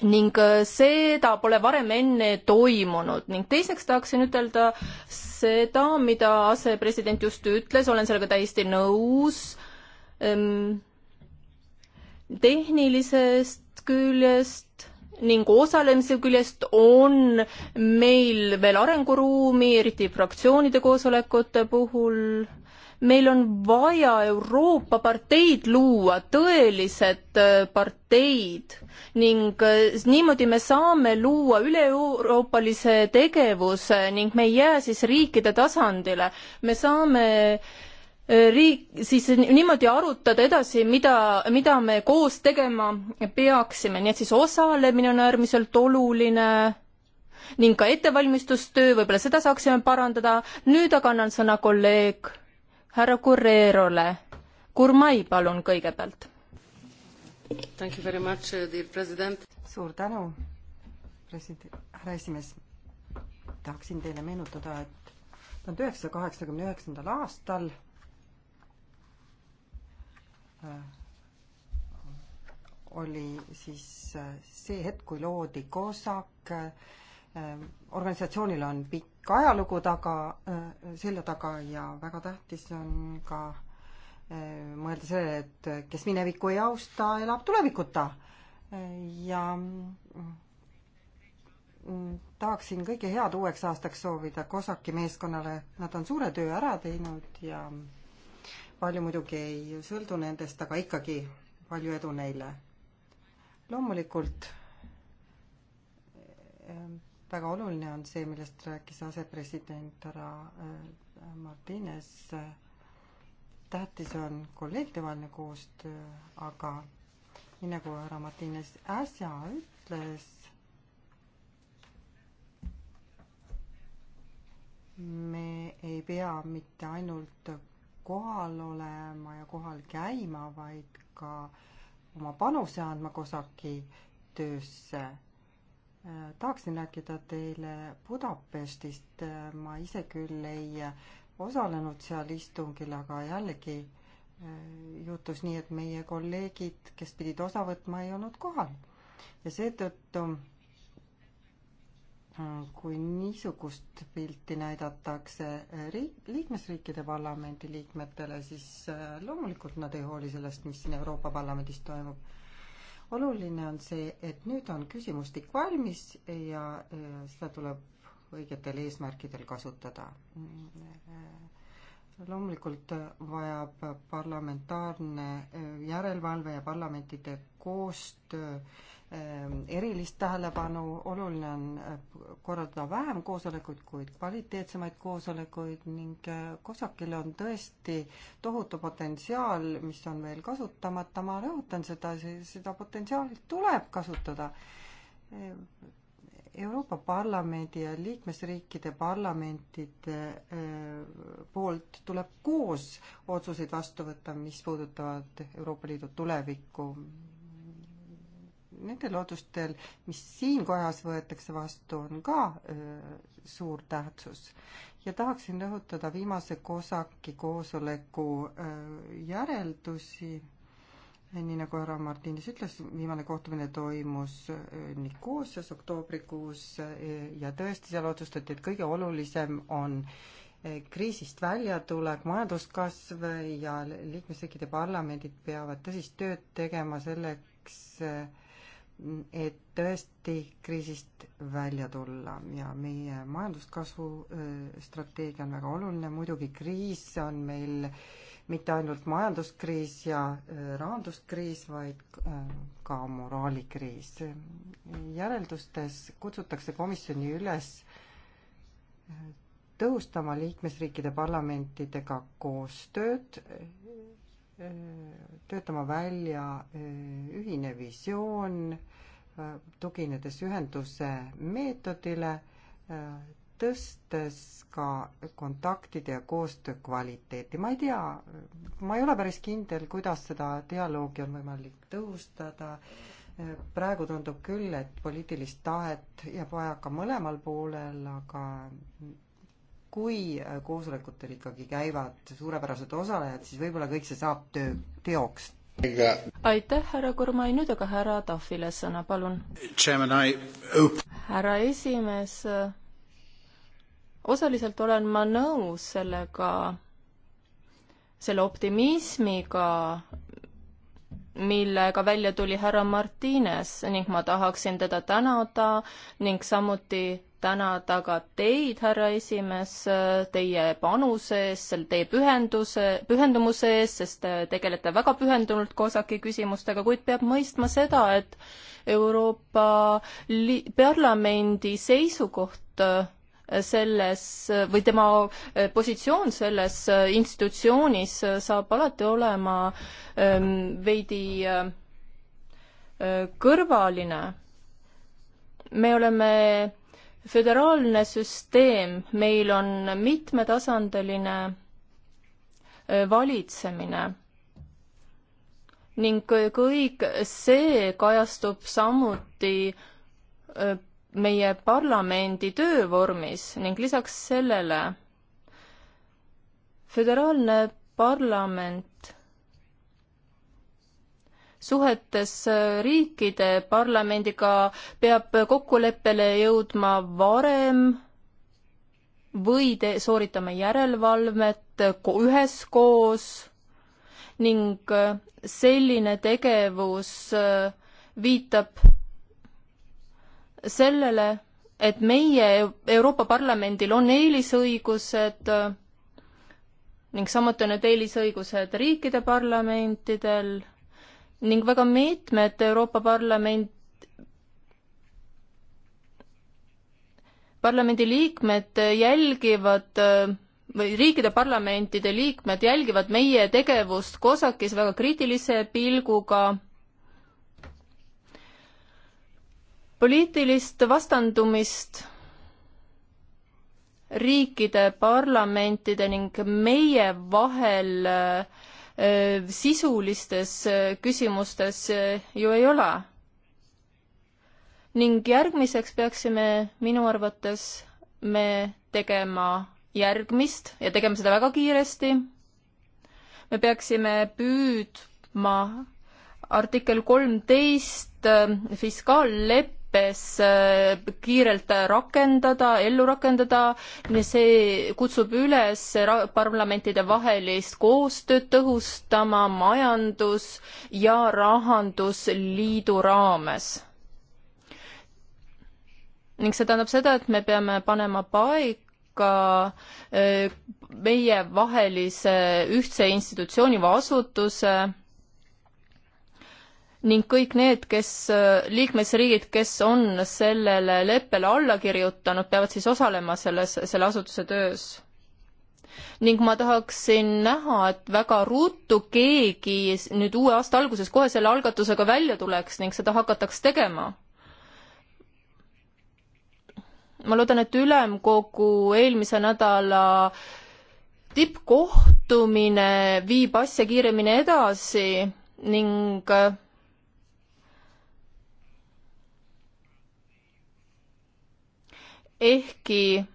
Speaker 2: ning äh, seda pole varem enne toimunud ning teiseks tahaksin ütelda seda, mida asepresident just ütles, olen sellega täiesti nõus. Ehm, tehnilisest küljest ning osalemise küljest on meil veel arenguruumi, eriti fraktsioonide koosolekute puhul meil on vaja Euroopa parteid luua, tõelised äh, parteid ning äh, niimoodi me saame luua üle-euroopalise tegevuse ning me ei jää siis riikide tasandile. me saame äh, riik, siis niimoodi arutada edasi, mida, mida me koos tegema peaksime, nii et siis osalemine on äärmiselt oluline ning ka ettevalmistustöö, võib-olla seda saaksime parandada. nüüd aga annan sõna kolleeg härra Guerrerole. Gurmai, palun kõigepealt.
Speaker 1: Uh, suur tänu, president, härra esimees. tahaksin teile meenutada, et tuhande üheksasaja kaheksakümne üheksandal aastal äh, oli siis äh, see hetk, kui loodi COSAC Äh, organisatsioonil on pikk ajalugu taga, äh, selja taga ja väga tähtis on ka äh, mõelda sellele, et kes minevikku ei austa, elab tulevikuta. ja mm, tahaksin kõike head uueks aastaks soovida Kosaki meeskonnale, nad on suure töö ära teinud ja palju muidugi ei sõltu nendest, aga ikkagi palju edu neile. loomulikult väga oluline on see, millest rääkis asepresident härra äh, Martines. tähtis on kolleegidevaheline koostöö, aga nii nagu härra Martines äsja ütles, me ei pea mitte ainult kohal olema ja kohal käima, vaid ka oma panuse andma COSAC-i töösse tahaksin rääkida teile Budapestist, ma ise küll ei osalenud seal istungil, aga jällegi äh, juhtus nii, et meie kolleegid, kes pidid osa võtma, ei olnud kohal. ja seetõttu, äh, kui niisugust pilti näidatakse äh, riik, liikmesriikide parlamendi liikmetele, siis loomulikult nad ei hooli sellest, mis siin Euroopa Parlamendis toimub oluline on see, et nüüd on küsimustik valmis ja äh, seda tuleb õigetel eesmärkidel kasutada. loomulikult vajab parlamentaarne äh, järelevalve ja parlamentide koostöö Ehm, erilist tähelepanu, oluline on äh, korraldada vähem koosolekuid, kuid kvaliteetsemaid koosolekuid ning äh, COSAC-il on tõesti tohutu potentsiaal, mis on veel kasutamata, ma rõhutan seda, seda potentsiaali tuleb kasutada. Ehm, Euroopa Parlamendi ja liikmesriikide parlamentide äh, poolt tuleb koos otsuseid vastu võtta, mis puudutavad Euroopa Liidu tulevikku nendel otsustel, mis siin kojas võetakse vastu, on ka öö, suur tähtsus. ja tahaksin rõhutada viimase COSAC-i koosoleku öö, järeldusi, nii nagu härra Martinis ütles, viimane kohtumine toimus Nikosias oktoobrikuus ja tõesti, seal otsustati, et kõige olulisem on kriisist väljatulek, majanduskasv ja liikmesriikide parlamendid peavad tõsist tööd tegema selleks, et tõesti kriisist välja tulla ja meie majanduskasvu strateegia on väga oluline, muidugi kriis on meil mitte ainult majanduskriis ja rahanduskriis, vaid ka moraalikriis. järeldustes kutsutakse komisjoni üles tõhustama liikmesriikide parlamentidega koostööd töötama välja äh, ühine visioon, äh, tuginedes ühenduse meetodile, äh, tõstes ka kontaktide ja koostöö kvaliteeti. ma ei tea, ma ei ole päris kindel, kuidas seda dialoogi on võimalik tõhustada. praegu tundub küll, et poliitilist tahet jääb vaja ka mõlemal poolel, aga kui äh, koosolekutel ikkagi käivad suurepärased osalejad, siis võib-olla kõik see saab töö, teoks. aitäh, härra Kurmai, nüüd aga härra Tahvile
Speaker 2: sõna, palun. härra esimees, osaliselt olen ma nõus sellega, selle optimismiga, millega välja tuli härra Martines ning ma tahaksin teda tänada ning samuti tänada ka teid, härra esimees, teie panuse eest, selle teie pühenduse, pühendumuse eest, sest te tegelete väga pühendunult COSAC-i küsimustega, kuid peab mõistma seda, et Euroopa li-, Parlamendi seisukoht äh, selles või tema äh, positsioon selles äh, institutsioonis saab alati olema ähm, veidi kõrvaline. me oleme föderaalne süsteem, meil on mitmetasandiline äh, valitsemine ning kõik see kajastub samuti äh, meie parlamendi töövormis ning lisaks sellele föderaalne parlament suhetes äh, riikide parlamendiga peab kokkuleppele jõudma varem või te sooritama järelevalvet üheskoos ning äh, selline tegevus äh, viitab sellele, et meie Euroopa Parlamendil on eelisõigused ning samuti on need eelisõigused riikide parlamentidel ning väga mitmed Euroopa Parlament, parlamendi liikmed jälgivad või riikide parlamentide liikmed jälgivad meie tegevust COSAC-is väga kriitilise pilguga. poliitilist vastandumist riikide parlamentide ning meie vahel äh, Äh, sisulistes äh, küsimustes äh, ju ei ole. ning järgmiseks peaksime minu arvates me tegema järgmist ja tegema seda väga kiiresti. me peaksime püüdma artikkel kolmteist fiskaallepp-, meetmetes äh, kiirelt rakendada, ellu rakendada, see kutsub üles parlamentide vahelist koostööd tõhustama majandus- ja rahandusliidu raames ning see tähendab seda, et me peame panema paika äh, meievahelise ühtse institutsiooni või asutuse, ning kõik need, kes, äh, liikmesriigid, kes on sellele leppele alla kirjutanud, peavad siis osalema selles, selle asutuse töös. ning ma tahaksin näha, et väga ruttu keegi nüüd uue aasta alguses kohe selle algatusega välja tuleks ning seda hakataks tegema ma loodan, et ülemkogu eelmise nädala tippkohtumine viib asja kiiremini edasi ning äh, ehkki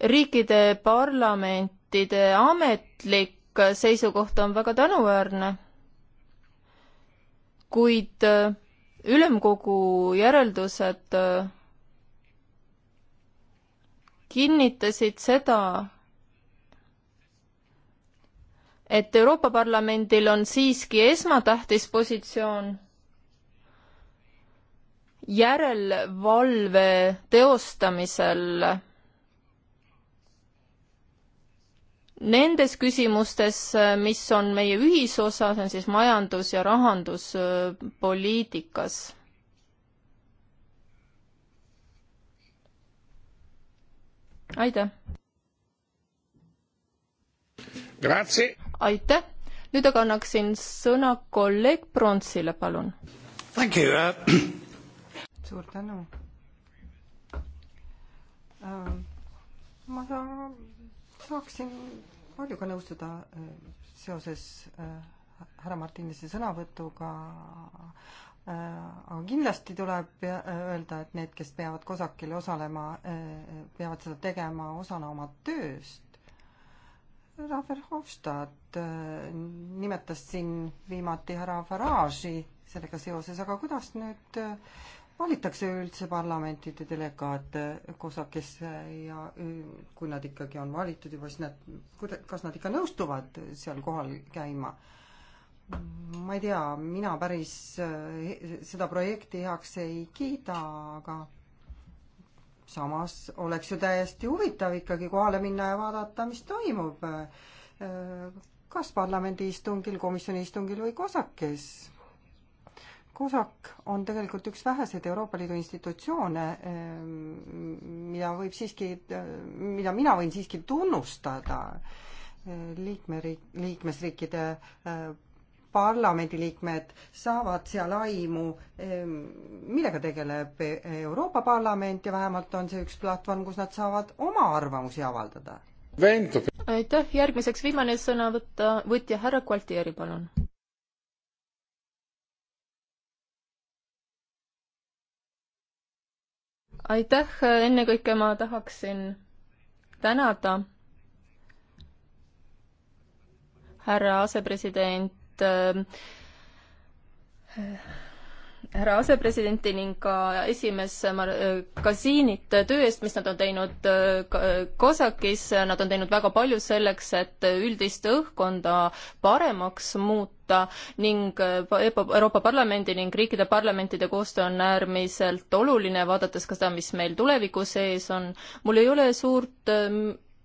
Speaker 2: riikide parlamentide ametlik seisukoht on väga tänuväärne, kuid äh, ülemkogu järeldused äh, kinnitasid seda, et Euroopa Parlamendil on siiski esmatähtis positsioon järelevalve teostamisel nendes küsimustes, mis on meie ühisosa, see on siis majandus- ja rahanduspoliitikas aitäh! aitäh! nüüd aga annaksin sõna kolleeg Pronsile, palun.
Speaker 1: Uh... suur tänu. Ähm, ma saaksin paljuga nõustuda äh, seoses äh, härra Martinise sõnavõtuga, äh, aga kindlasti tuleb öelda, et need, kes peavad COSAC-il osalema, peavad seda tegema osana oma tööst. Rahver Hofstad nimetas siin viimati härra Farage'i sellega seoses, aga kuidas nüüd valitakse üldse parlamentide delegaate kosakesse ja kui nad ikkagi on valitud juba, siis nad, kuida-, kas nad ikka nõustuvad seal kohal käima? ma ei tea, mina päris eh, seda projekti heaks ei kiida, aga samas oleks ju täiesti huvitav ikkagi kohale minna ja vaadata, mis toimub. Eh, kas parlamendi istungil, komisjoni istungil või kosakes COSAC on tegelikult üks väheseid Euroopa Liidu institutsioone, ehm, mida võib siiski, mida mina võin siiski tunnustada ehm, liikmeriik, liikmesriikide ehm, parlamendiliikmed saavad seal aimu, millega tegeleb e-, Euroopa Parlament ja vähemalt on see üks platvorm, kus nad saavad oma arvamusi avaldada. aitäh, järgmiseks
Speaker 2: viimane sõna võtta, võtja härra Gualtieri, palun aitäh, ennekõike ma tahaksin tänada härra asepresident äh, härra asepresidenti ning ka esimees äh, Kasiinit töö eest, mis nad on teinud äh, Kosakis, nad on teinud väga palju selleks, et üldist õhkkonda paremaks muuta ning äh, Euroopa Parlamendi ning riikide parlamentide koostöö on äärmiselt oluline, vaadates ka seda, mis meil tulevikus ees on. mul ei ole suurt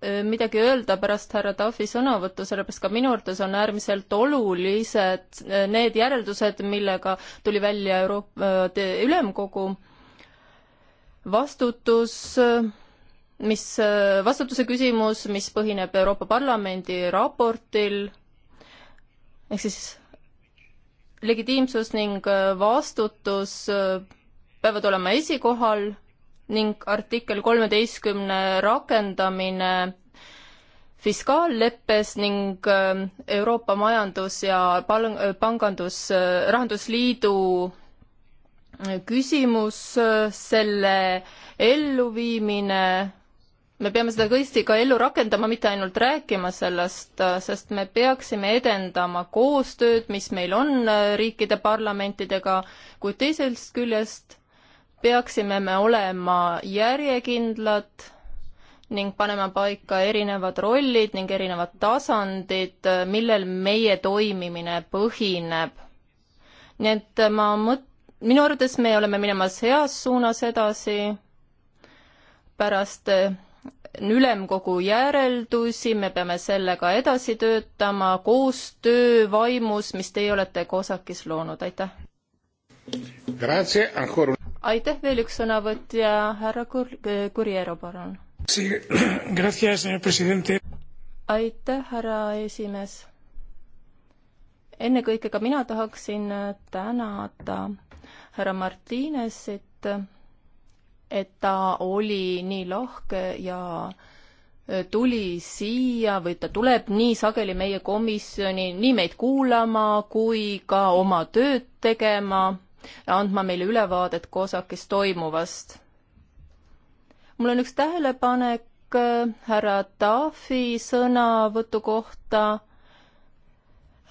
Speaker 2: Äh, midagi öelda pärast härra Tafi sõnavõttu, sellepärast ka minu arvates on äärmiselt olulised äh, need järeldused, millega tuli välja Euroopa äh, Ülemkogu vastutus, mis, vastutuse küsimus, mis põhineb Euroopa Parlamendi raportil, ehk siis legitiimsus ning vastutus peavad olema esikohal ning artikkel kolmeteistkümne rakendamine fiskaalleppes ning ähm, Euroopa Majandus- ja Pal-, Pangandus, äh, Rahandusliidu äh, küsimus, äh, selle elluviimine, me peame seda tõesti ka ellu rakendama, mitte ainult rääkima sellest, sest me peaksime edendama koostööd, mis meil on riikide parlamentidega, kuid teisest küljest peaksime me olema järjekindlad ning panema paika erinevad rollid ning erinevad tasandid, millel meie toimimine põhineb. nii et ma mõt-, minu arvates me oleme minemas heas suunas edasi pärast eh, ülemkogu järeldusi, me peame sellega edasi töötama koostöö vaimus, mis teie olete COSAC-is loonud, aitäh! aitäh, veel üks sõnavõtja, härra Kur-, Kurjero, palun. aitäh, härra esimees. ennekõike ka mina tahaksin tänada härra Martinesit, et ta oli nii lahke ja tuli siia või ta tuleb nii sageli meie komisjoni nii meid kuulama kui ka oma tööd tegema andma meile ülevaadet COSAC-is toimuvast. mul on üks tähelepanek äh, härra Taafi sõnavõtu kohta.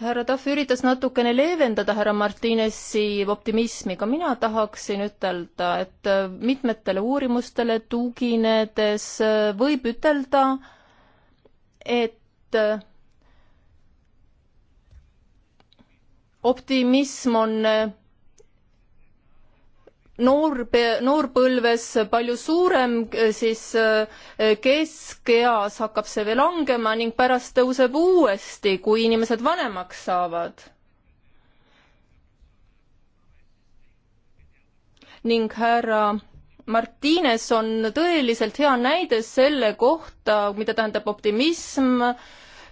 Speaker 2: härra Tahv üritas natukene leevendada härra Martinesi optimismi, ka mina tahaksin ütelda, et äh, mitmetele uurimustele tuginedes äh, võib ütelda, et optimism on noor, noorpõlves palju suurem, siis eh, keskeas hakkab see veel langema ning pärast tõuseb uuesti, kui inimesed vanemaks saavad. ning härra Martines on tõeliselt hea näide selle kohta, mida tähendab optimism äh,,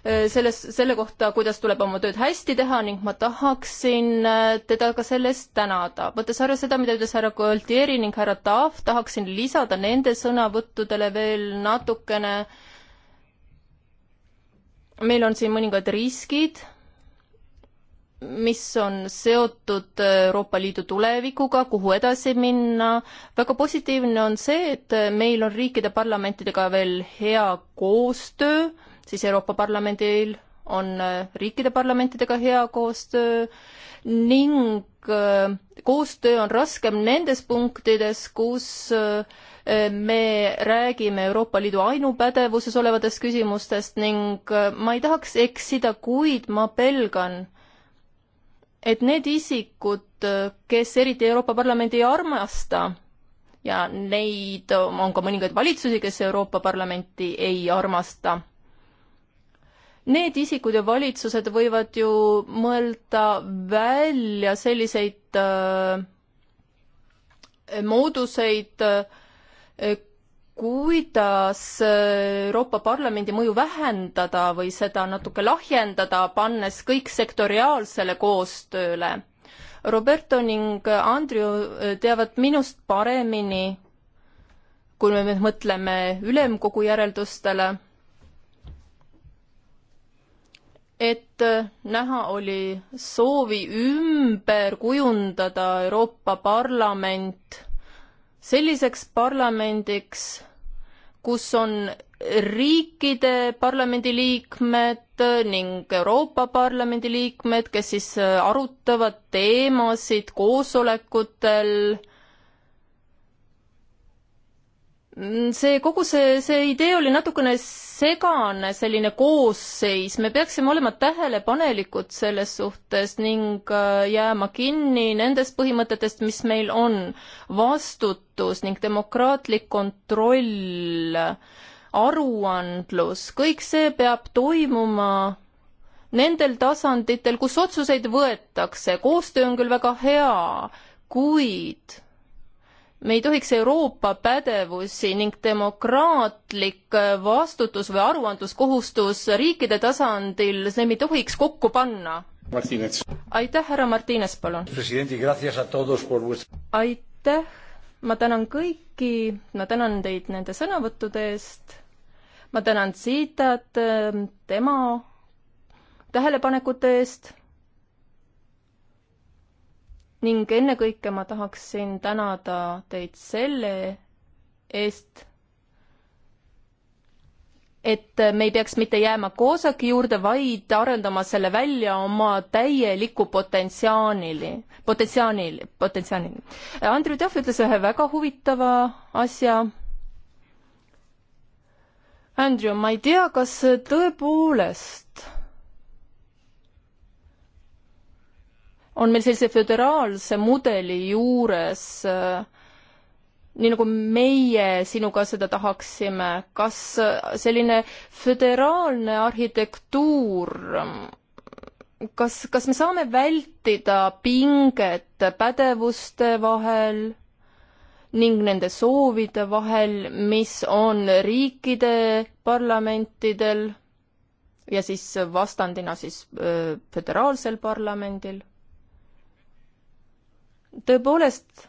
Speaker 2: Äh, selles, selle kohta, kuidas tuleb oma tööd hästi teha ning ma tahaksin äh, teda ka selle eest tänada. võttes arvesse seda, mida ütles härra Gualtieri ning härra Taav, tahaksin lisada nende sõnavõttudele veel natukene. meil on siin mõningad riskid, mis on seotud Euroopa Liidu tulevikuga, kuhu edasi minna. väga positiivne on see, et meil on riikide parlamentidega veel hea koostöö siis Euroopa Parlamendil on äh, riikide parlamentidega hea koostöö ning äh, koostöö on raskem nendes punktides, kus äh, me räägime Euroopa Liidu ainupädevuses olevatest küsimustest ning ma ei tahaks eksida, kuid ma pelgan, et need isikud, kes eriti Euroopa Parlamendi ei armasta ja neid on ka mõningaid valitsusi, kes Euroopa Parlamenti ei armasta Need isikud ja valitsused võivad ju mõelda välja selliseid äh, mooduseid äh,, kuidas äh, Euroopa Parlamendi mõju vähendada või seda natuke lahjendada, pannes kõik sektoriaalsele koostööle. Roberto ning Andrew äh, teavad minust paremini, kui me mõtleme ülemkogu järeldustele et äh, näha oli soovi ümber kujundada Euroopa Parlament selliseks parlamendiks, kus on riikide parlamendiliikmed ning Euroopa Parlamendi liikmed, kes siis äh, arutavad teemasid koosolekutel see kogu see, see idee oli natukene segane, selline koosseis, me peaksime olema tähelepanelikud selles suhtes ning äh, jääma kinni nendest põhimõtetest, mis meil on. vastutus ning demokraatlik kontroll, aruandlus, kõik see peab toimuma nendel tasanditel, kus otsuseid võetakse, koostöö on küll väga hea, kuid me ei tohiks Euroopa pädevusi ning demokraatlik äh, vastutus või aruandluskohustus riikide tasandil, see me ei tohiks kokku panna. aitäh, härra Martines, palun. aitäh, ma tänan kõiki, ma tänan teid nende sõnavõttude eest, ma tänan Zitat, äh, tema tähelepanekute eest ning ennekõike ma tahaksin tänada teid selle eest, et me ei peaks mitte jääma koosaki juurde, vaid arendama selle välja oma täieliku potentsiaalini, potentsiaalil, potentsiaalini. Andrew Duff ütles ühe väga huvitava asja. Andrew, ma ei tea, kas tõepoolest on meil sellise föderaalse mudeli juures äh, nii nagu meie sinuga seda tahaksime, kas äh, selline föderaalne arhitektuur, kas, kas me saame vältida pinget pädevuste vahel ning nende soovide vahel, mis on riikide parlamentidel ja siis vastandina siis äh, föderaalsel parlamendil tõepoolest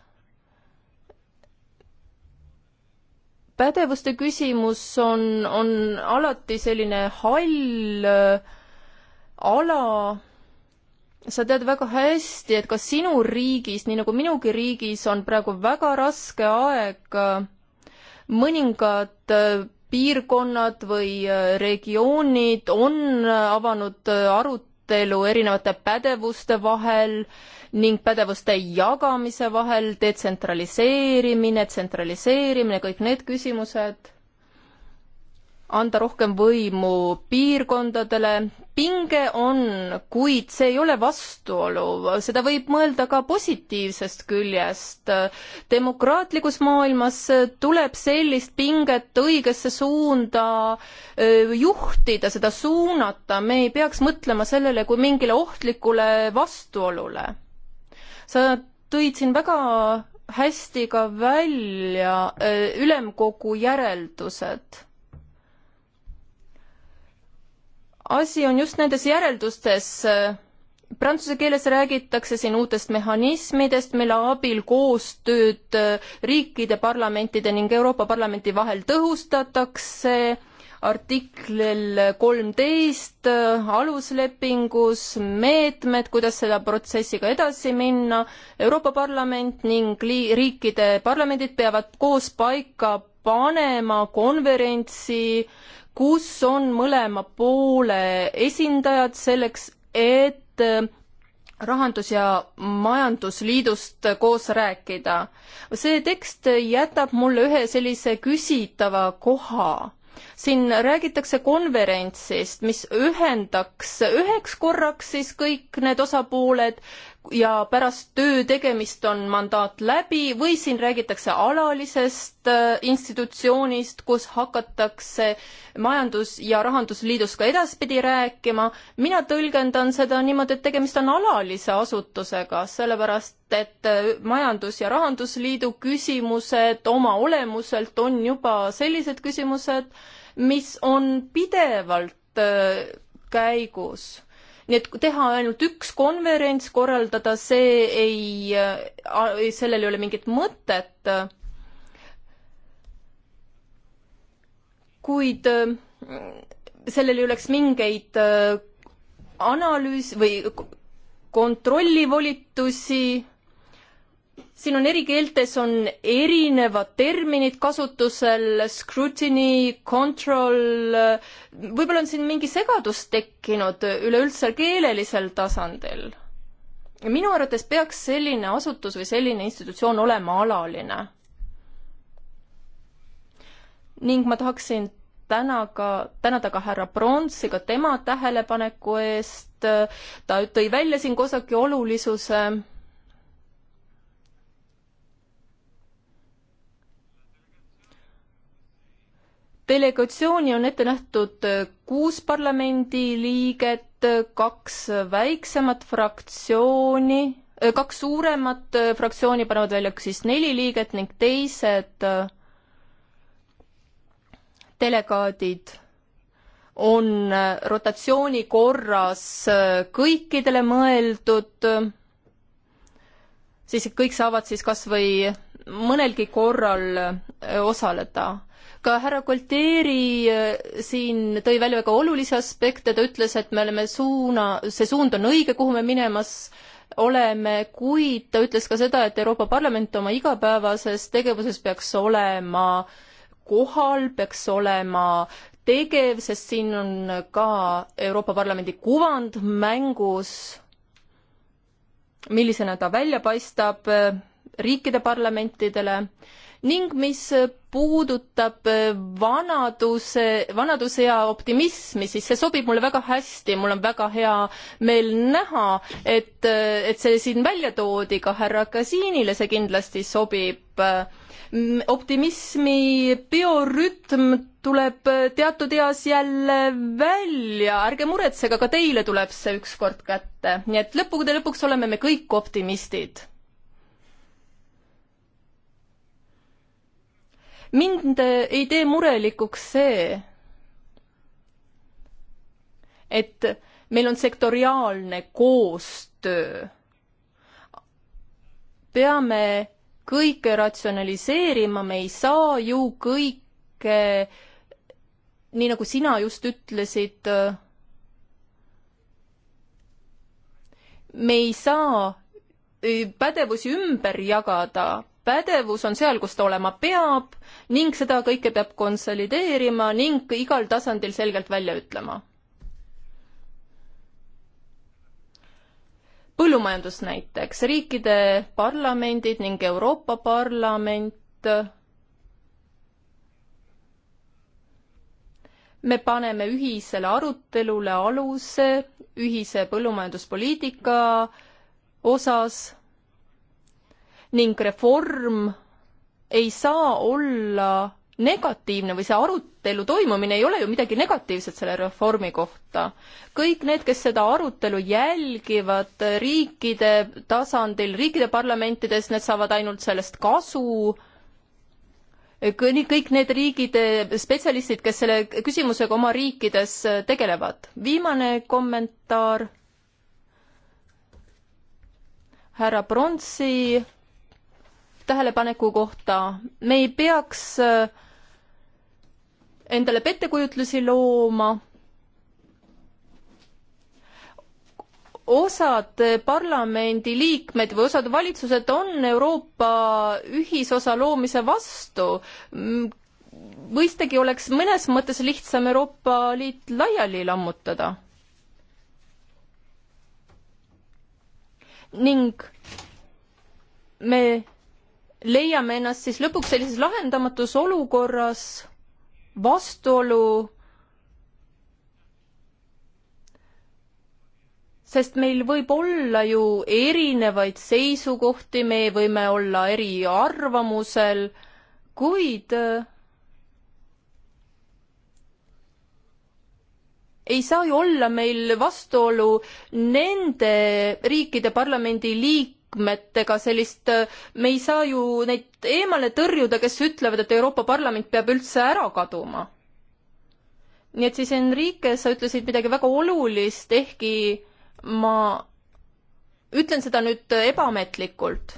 Speaker 2: pädevuste küsimus on, on alati selline hall äh, ala. sa tead väga hästi, et ka sinu riigis, nii nagu minugi riigis, on praegu väga raske aeg. Äh, mõningad äh, piirkonnad või regioonid on avanud arut-, arutelu erinevate pädevuste vahel ning pädevuste jagamise vahel, detsentraliseerimine, tsentraliseerimine, kõik need küsimused, anda rohkem võimu piirkondadele, pinge on, kuid see ei ole vastuolu, seda võib mõelda ka positiivsest küljest. demokraatlikus maailmas tuleb sellist pinget õigesse suunda juhtida, seda suunata, me ei peaks mõtlema sellele kui mingile ohtlikule vastuolule. sa tõid siin väga hästi ka välja ülemkogu järeldused asi on just nendes järeldustes. Äh, prantsuse keeles räägitakse siin uutest mehhanismidest, mille abil koostööd äh, riikide parlamentide ning Euroopa Parlamenti vahel tõhustatakse artiklil kolmteist äh, aluslepingus meetmed, kuidas selle protsessiga edasi minna. Euroopa Parlament ning riikide parlamendid peavad koos paika panema konverentsi, kus on mõlema poole esindajad selleks, et äh, rahandus- ja majandusliidust koos rääkida. see tekst jätab mulle ühe sellise küsitava koha. siin räägitakse konverentsist, mis ühendaks üheks korraks siis kõik need osapooled ja pärast töö tegemist on mandaat läbi või siin räägitakse alalisest äh, institutsioonist, kus hakatakse Majandus- ja Rahandusliidus ka edaspidi rääkima. mina tõlgendan seda niimoodi, et tegemist on alalise asutusega, sellepärast et äh, Majandus- ja Rahandusliidu küsimused oma olemuselt on juba sellised küsimused, mis on pidevalt äh, käigus nii et teha ainult üks konverents, korraldada, see ei, äh, sellel ei ole mingit mõtet. kuid äh, sellel ei oleks mingeid äh, analüüs- või kontrollivolitusi siin on eri keeltes on erinevad terminid kasutusel, scrutiny, control, võib-olla on siin mingi segadus tekkinud üleüldse keelelisel tasandil. minu arvates peaks selline asutus või selline institutsioon olema alaline. ning ma tahaksin täna ka, tänada ka härra Pronsi ka tema tähelepaneku eest, ta tõi välja siin COSAC-i olulisuse delegatsiooni on ette nähtud äh, kuus parlamendiliiget, äh, kaks väiksemat fraktsiooni, äh, kaks suuremat fraktsiooni panevad välja siis neli liiget ning teised delegaadid on rotatsiooni korras kõikidele mõeldud, siis kõik saavad siis kas või mõnelgi korral osaleda ka härra Kolteeri äh, siin tõi välja väga olulisi aspekte, ta ütles, et me oleme suuna, see suund on õige, kuhu me minemas oleme, kuid ta ütles ka seda, et Euroopa Parlament oma igapäevases tegevuses peaks olema kohal, peaks olema tegev, sest siin on ka Euroopa Parlamendi kuvand mängus, millisena ta välja paistab äh, riikide parlamentidele ning mis puudutab äh, vanaduse, vanadusea optimismi, siis see sobib mulle väga hästi, mul on väga hea meel näha, et, äh, et see siin välja toodi, ka härra Kasiinile see kindlasti sobib. Mm, optimismi biorütm tuleb äh, teatud eas jälle välja, ärge muretsege, ka teile tuleb see ükskord kätte, nii et lõppude lõpuks oleme me kõik optimistid mind ei tee murelikuks see, et meil on sektoriaalne koostöö. peame kõike ratsionaliseerima, me ei saa ju kõike, nii nagu sina just ütlesid, me ei saa pädevusi ümber jagada pädevus on seal, kus ta olema peab ning seda kõike peab konsolideerima ning igal tasandil selgelt välja ütlema. põllumajandus näiteks, riikide parlamendid ning Euroopa Parlament. me paneme ühisele arutelule aluse ühise põllumajanduspoliitika osas ning reform ei saa olla negatiivne või see arutelu toimumine ei ole ju midagi negatiivset selle reformi kohta. kõik need, kes seda arutelu jälgivad riikide tasandil, riikide parlamentides, need saavad ainult sellest kasu. kõik need riigide spetsialistid, kes selle küsimusega oma riikides tegelevad. viimane kommentaar härra Pronsi tähelepaneku kohta. me ei peaks äh, endale pettekujutlusi looma. osad parlamendiliikmed või osad valitsused on Euroopa ühisosa loomise vastu. mõistagi oleks mõnes mõttes lihtsam Euroopa Liit laiali lammutada. ning me leiame ennast siis lõpuks sellises lahendamatus olukorras, vastuolu, sest meil võib olla ju erinevaid seisukohti, me võime olla eri arvamusel, kuid ei saa ju olla meil vastuolu nende riikide parlamendi liik-, liikmetega sellist, me ei saa ju neid eemale tõrjuda, kes ütlevad, et Euroopa Parlament peab üldse ära kaduma. nii et siis Enrique, sa ütlesid midagi väga olulist, ehkki ma ütlen seda nüüd ebaametlikult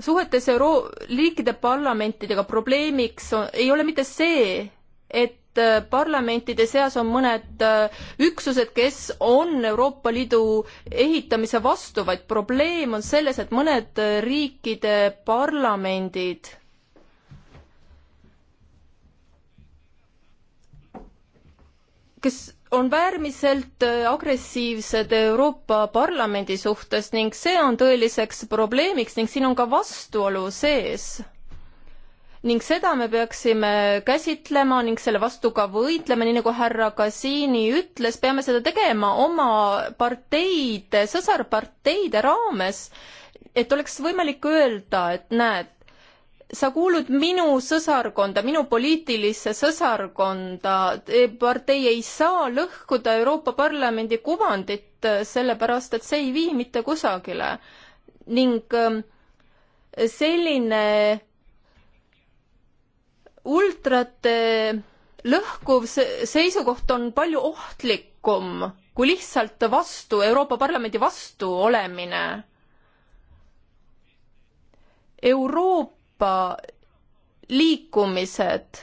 Speaker 2: suhetes euro-, liikide parlamentidega probleemiks on, ei ole mitte see, et Äh, parlamentide seas on mõned äh, üksused, kes on Euroopa Liidu ehitamise vastu, vaid probleem on selles, et mõned äh, riikide parlamendid kes on väärmiselt agressiivsed Euroopa Parlamendi suhtes ning see on tõeliseks probleemiks ning siin on ka vastuolu sees ning seda me peaksime käsitlema ning selle vastu ka võitlema, nii nagu härra Kasiini ütles, peame seda tegema oma parteide, sõsarparteide raames, et oleks võimalik öelda, et näed, sa kuulud minu sõsarkonda, minu poliitilisse sõsarkonda, partei ei saa lõhkuda Euroopa Parlamendi kuvandit, sellepärast et see ei vii mitte kusagile. ning ähm, selline ultrate lõhkuv seisukoht on palju ohtlikum kui lihtsalt vastu, Euroopa Parlamendi vastu olemine. Euroopa liikumised,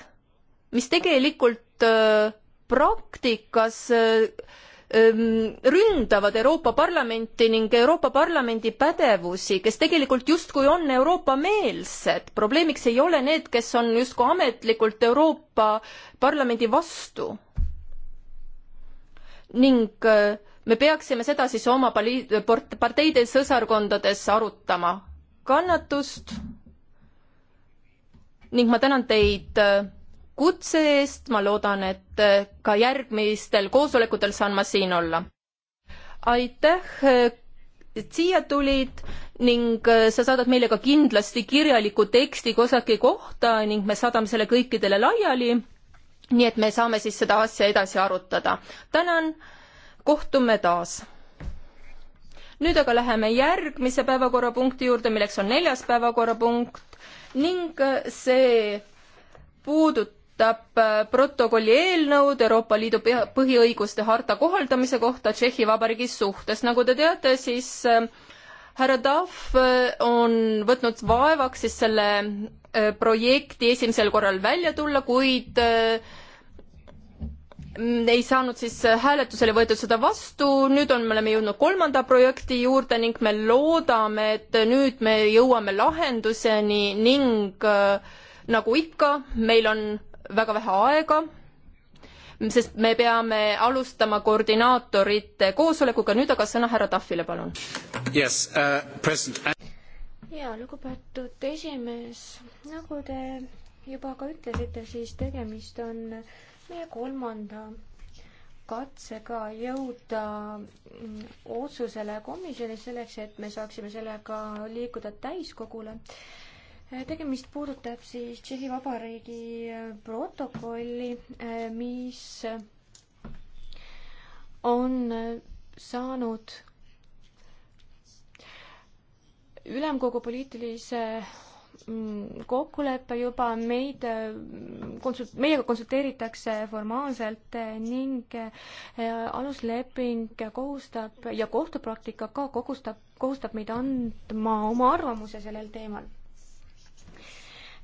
Speaker 2: mis tegelikult äh, praktikas äh, ründavad Euroopa Parlamenti ning Euroopa Parlamendi pädevusi, kes tegelikult justkui on Euroopa-meelsed. probleemiks ei ole need, kes on justkui ametlikult Euroopa Parlamendi vastu. ning me peaksime seda siis oma pali-, parteide sõsarkondades arutama. kannatust ning ma tänan teid kutse eest, ma loodan, et äh, ka järgmistel koosolekutel saan ma siin olla. aitäh, äh, et siia tulid ning äh, sa saadad meile ka kindlasti kirjaliku teksti kosaki kohta ning me saadame selle kõikidele laiali. nii et me saame siis seda asja edasi arutada. tänan, kohtume taas. nüüd aga läheme järgmise päevakorrapunkti juurde, milleks on neljas päevakorrapunkt ning see puudutab puudutab äh, protokolli eelnõud Euroopa Liidu põhiõiguste harta kohaldamise kohta Tšehhi Vabariigi suhtes. nagu te teate, siis äh, härra Tahv äh, on võtnud vaevaks siis selle projekti esimesel korral välja tulla, kuid ei saanud siis hääletusele võetud seda vastu, nüüd on, me oleme jõudnud kolmanda projekti juurde ning me loodame, et nüüd me jõuame lahenduseni ning äh, nagu ikka, meil on väga vähe aega, sest me peame alustama koordinaatorite koosolekuga, nüüd aga sõna härra Tahvile, palun
Speaker 1: yes, uh, uh,.
Speaker 3: jaa, lugupeetud esimees, nagu te juba ka ütlesite, siis tegemist on meie kolmanda katsega jõuda mm, otsusele komisjonis selleks, et me saaksime sellega liikuda täiskogule tegemist puudutab siis Tšehhi Vabariigi protokolli, mis on saanud ülemkogu poliitilise mm, kokkuleppe juba, meid konsult-, meiega konsulteeritakse formaalselt ning äh, alusleping kohustab ja kohtupraktika ka kohustab, kohustab meid andma oma arvamuse sellel teemal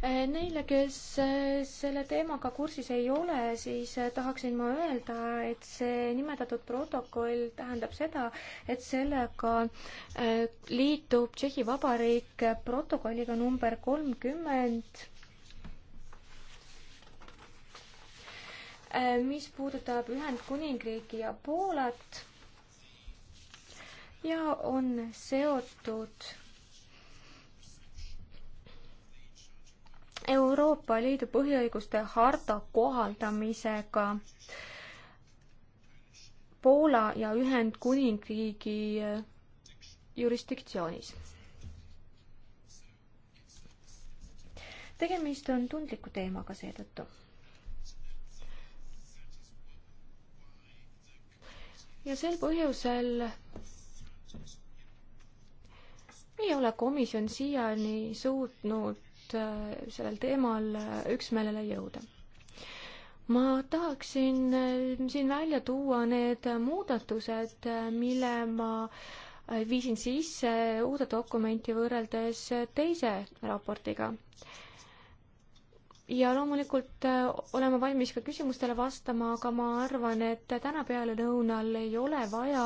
Speaker 3: Eh, neile, kes eh, selle teemaga kursis ei ole, siis eh, tahaksin ma öelda, et see nimetatud protokoll tähendab seda, et sellega liitub Tšehhi Vabariik protokolliga number kolmkümmend mis puudutab Ühendkuningriigi ja Poolat ja on seotud Euroopa Liidu põhiõiguste harta kohaldamisega Poola ja Ühendkuningriigi eh, jurisdiktsioonis. tegemist on tundliku teemaga seetõttu. ja sel põhjusel ei ole komisjon siiani suutnud Äh, sellel teemal äh, üksmeelele jõuda. ma tahaksin äh, siin välja tuua need muudatused, mille ma viisin sisse uude dokumenti võrreldes teise raportiga ja loomulikult olen ma valmis ka küsimustele vastama, aga ma arvan, et täna pealelõunal ei ole vaja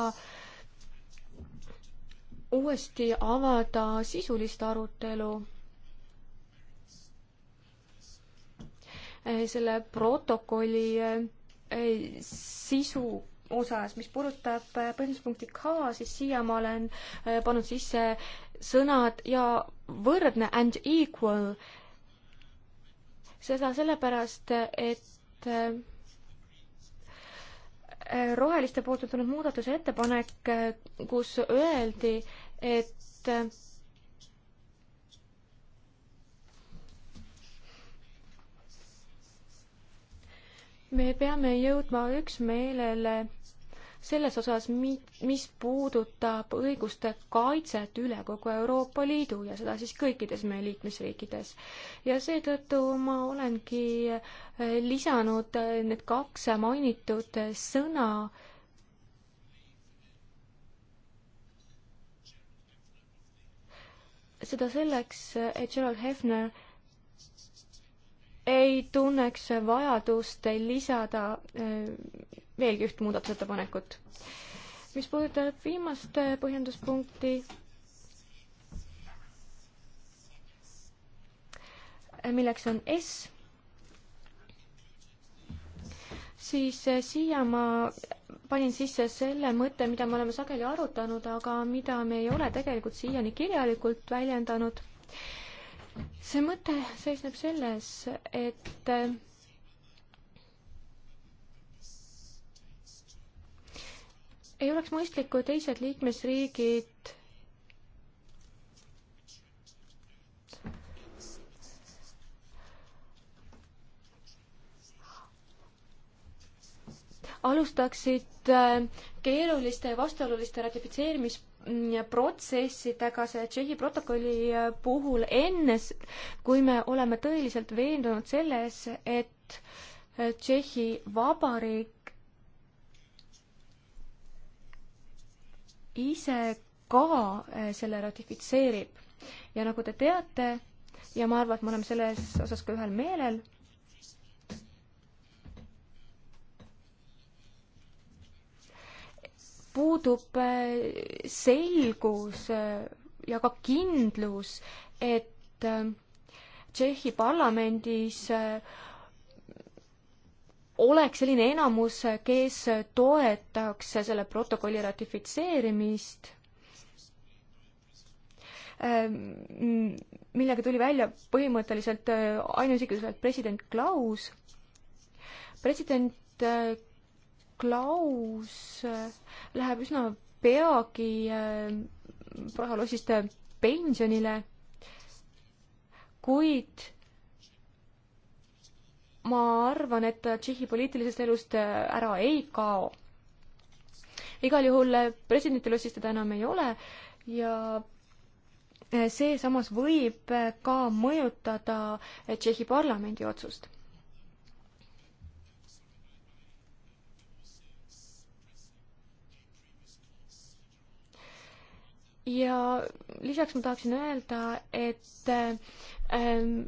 Speaker 3: uuesti avada sisulist arutelu Eh, selle protokolli eh, sisu osas, mis puudutab eh, põhjenduspunkti K, siis siia ma olen pannud sisse sõnad ja võrdne and equal. seda sellepärast, et roheliste poolt on tulnud muudatusettepanek, kus öeldi, et me peame jõudma üksmeelele selles osas, mis puudutab õiguste kaitset üle kogu Euroopa Liidu ja seda siis kõikides meie liikmesriikides. ja seetõttu ma olengi eh, lisanud eh, need kaks mainitud sõna seda selleks, eh, et Gerald Hefner ei tunneks vajadust lisada äh, veelgi üht muudatusettepanekut. mis puudutab viimast äh, põhjenduspunkti, äh, milleks on S, siis siia ma panin sisse selle mõtte, mida me oleme sageli arutanud, aga mida me ei ole tegelikult siiani kirjalikult väljendanud see mõte seisneb selles, et äh, ei oleks mõistlik, kui teised liikmesriigid alustaksid äh, keeruliste ja vastuoluliste ratifitseerimis- protsessidega see Tšehhi protokolli äh, puhul enne, kui me oleme tõeliselt veendunud selles, et äh, Tšehhi Vabariik ise ka äh, selle ratifitseerib. ja nagu te teate ja ma arvan, et me oleme selles osas ka ühel meelel puudub eh, selgus eh, ja ka kindlus, et eh, Tšehhi parlamendis oleks selline enamus, kes toetaks selle protokolli ratifitseerimist, millega tuli välja põhimõtteliselt ainuisikuliselt president Klaus. president Klaus äh, läheb üsna peagi rahalossist äh, pensionile, kuid ma arvan, et ta Tšehhi poliitilisest elust äh, ära ei kao. igal juhul presidenti lossis teda enam ei ole ja see samas võib ka mõjutada Tšehhi parlamendi otsust ja lisaks ma tahaksin öelda, et ähm,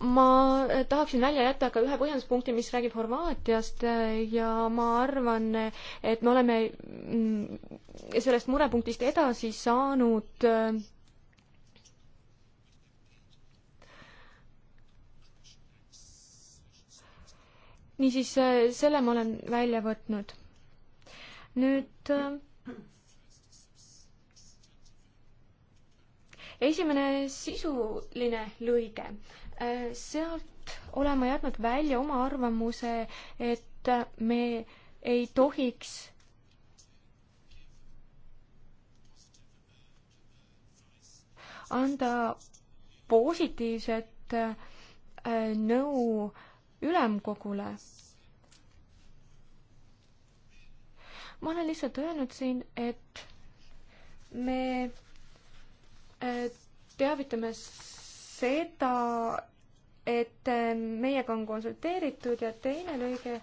Speaker 3: ma tahaksin välja jätta ka ühe põhjenduspunkti, mis räägib Horvaatiast ja ma arvan, et me oleme mm, sellest murepunktist edasi saanud. Äh, niisiis, äh, selle ma olen välja võtnud nüüd äh, esimene sisuline lõige. Äh, sealt olen ma jätnud välja oma arvamuse, et me ei tohiks anda positiivset äh, nõu ülemkogule ma olen lihtsalt öelnud siin, et me äh, teavitame seda, et äh, meiega on konsulteeritud ja teine lõige,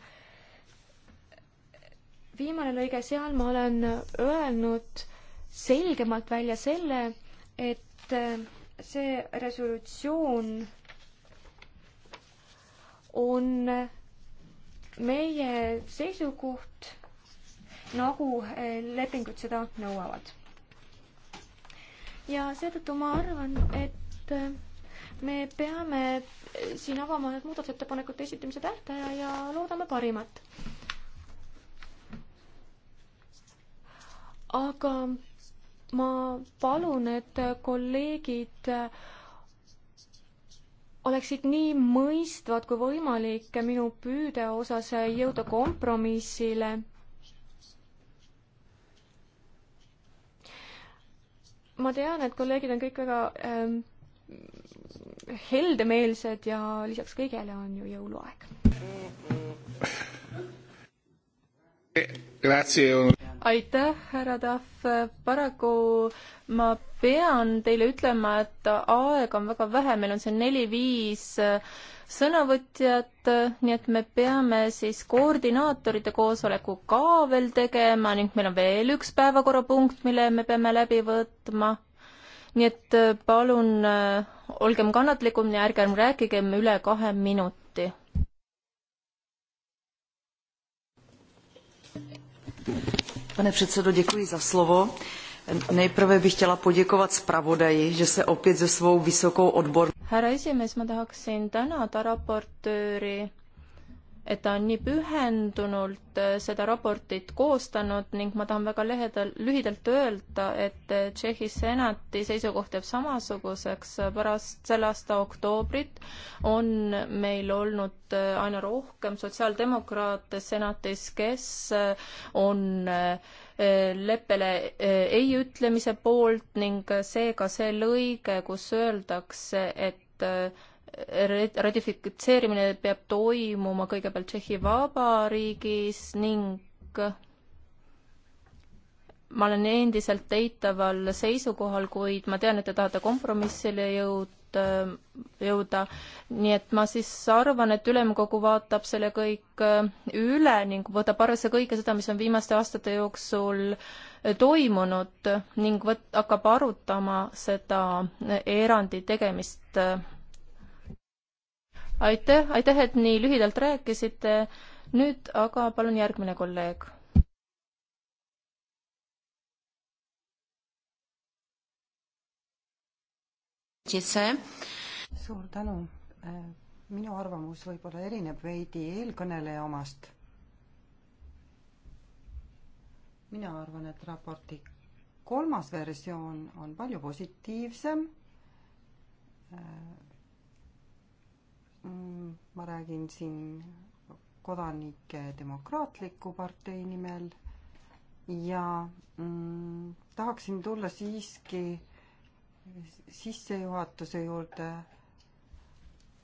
Speaker 3: viimane lõige, seal ma olen öelnud selgemalt välja selle, et äh, see resolutsioon on meie seisukoht nagu eh, lepingud seda nõuavad. ja seetõttu ma arvan, et eh, me peame eh, siin avama need muudatusettepanekute esitamise tähtaja ja loodame parimat. aga ma palun, et kolleegid oleksid nii mõistvad kui võimalik minu püüde osas jõuda kompromissile ma tean, et kolleegid on kõik väga ähm, heldemeelsed ja lisaks kõigele on ju jõuluaeg aitäh, härra Tahv. paraku
Speaker 2: ma pean teile ütlema, et aega on väga vähe, meil on siin neli-viis sõnavõtjat, nii et me peame siis koordinaatorite koosoleku ka veel tegema ning meil on veel üks päevakorrapunkt, mille me peame läbi võtma. nii et palun äh, olgem kannatlikum ja ärgem rääkigem üle kahe minuti.
Speaker 1: Thank you. Pane předsedo, děkuji za slovo. Nejprve bych chtěla poděkovat zpravodaji, že se opět se svou vysokou odbornou...
Speaker 2: härra esimees, ma tahaksin tänada raportööri et ta on nii pühendunult äh, seda raportit koostanud ning ma tahan väga lehedal, lühidalt öelda, et äh, Tšehhi senati seisukoht jääb samasuguseks. Äh, pärast selle aasta oktoobrit on meil olnud aina rohkem sotsiaaldemokraate senatis, kes on leppele ei ütlemise poolt ning seega see lõige, kus öeldakse, et ratifitseerimine peab toimuma kõigepealt Tšehhi Vabariigis ning ma olen endiselt eitaval seisukohal, kuid ma tean, et te tahate kompromissile jõud, jõuda. nii et ma siis arvan, et ülemkogu vaatab selle kõik üle ning võtab arvesse kõike seda, mis on viimaste aastate jooksul toimunud ning võt-, hakkab arutama seda erandi tegemist aitäh, aitäh, et nii lühidalt rääkisite. nüüd aga palun järgmine
Speaker 1: kolleeg. suur tänu. Äh, minu arvamus võib-olla erineb veidi eelkõneleja omast. mina arvan, et raporti kolmas versioon on palju positiivsem äh, Mm, ma räägin siin kodanike demokraatliku partei nimel ja mm, tahaksin tulla siiski sissejuhatuse juurde.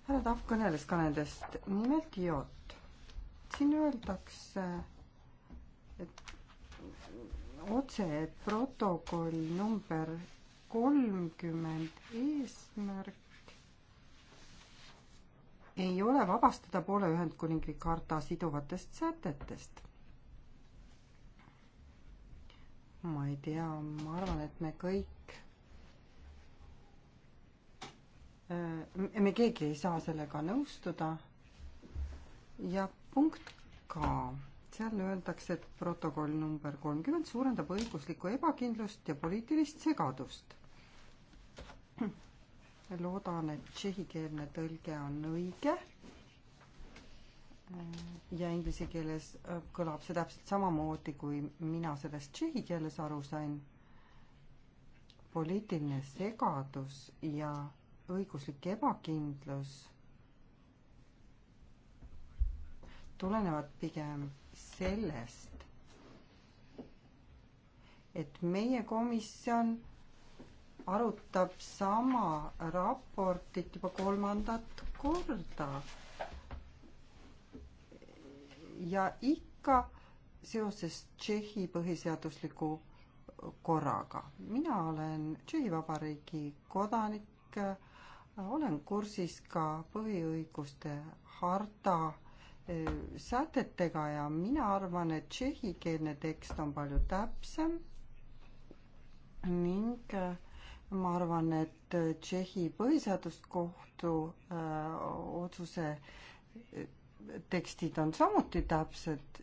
Speaker 1: härra Tahv kõneles ka nendest, nimelt jood. siin öeldakse, et otse, et protokoll number kolmkümmend eesmärk ei ole vabastada poole Ühendkuningriigi harta siduvatest sätetest. ma ei tea, ma arvan, et me kõik, äh, me keegi ei saa sellega nõustuda. ja punkt ka seal öeldakse, et protokoll number kolmkümmend suurendab õiguslikku ebakindlust ja poliitilist segadust loodan, et tšehhikeelne tõlge on õige. ja inglise keeles äh, kõlab see täpselt samamoodi, kui mina sellest tšehhi keeles aru sain. poliitiline segadus ja õiguslik ebakindlus tulenevad pigem sellest, et meie komisjon arutab sama raportit juba kolmandat korda. ja ikka seoses Tšehhi põhiseadusliku korraga. mina olen Tšehhi Vabariigi kodanik, olen kursis ka põhiõiguste harta e, sätetega ja mina arvan, et tšehhikeelne tekst on palju täpsem ning e, ma arvan, et Tšehhi põhiseaduskohtu äh, otsuse äh, tekstid on samuti täpsed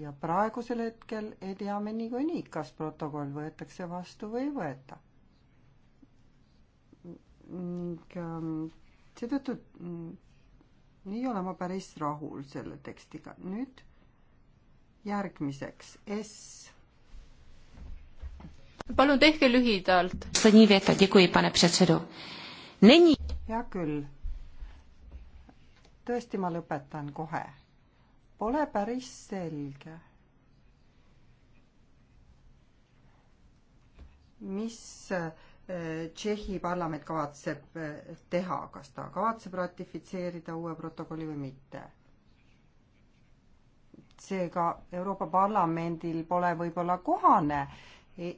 Speaker 1: ja praegusel hetkel ei tea me niikuinii, kas protokoll võetakse vastu või ei võeta. ning ähm, seetõttu mm, ei ole ma päris rahul selle tekstiga. nüüd järgmiseks S palun tehke lühidalt. hea küll. tõesti, ma lõpetan kohe. Pole päris selge mis eh, Tšehhi parlament kavatseb eh, teha, kas ta kavatseb ratifitseerida uue protokolli või mitte? seega Euroopa Parlamendil pole võib-olla kohane eh,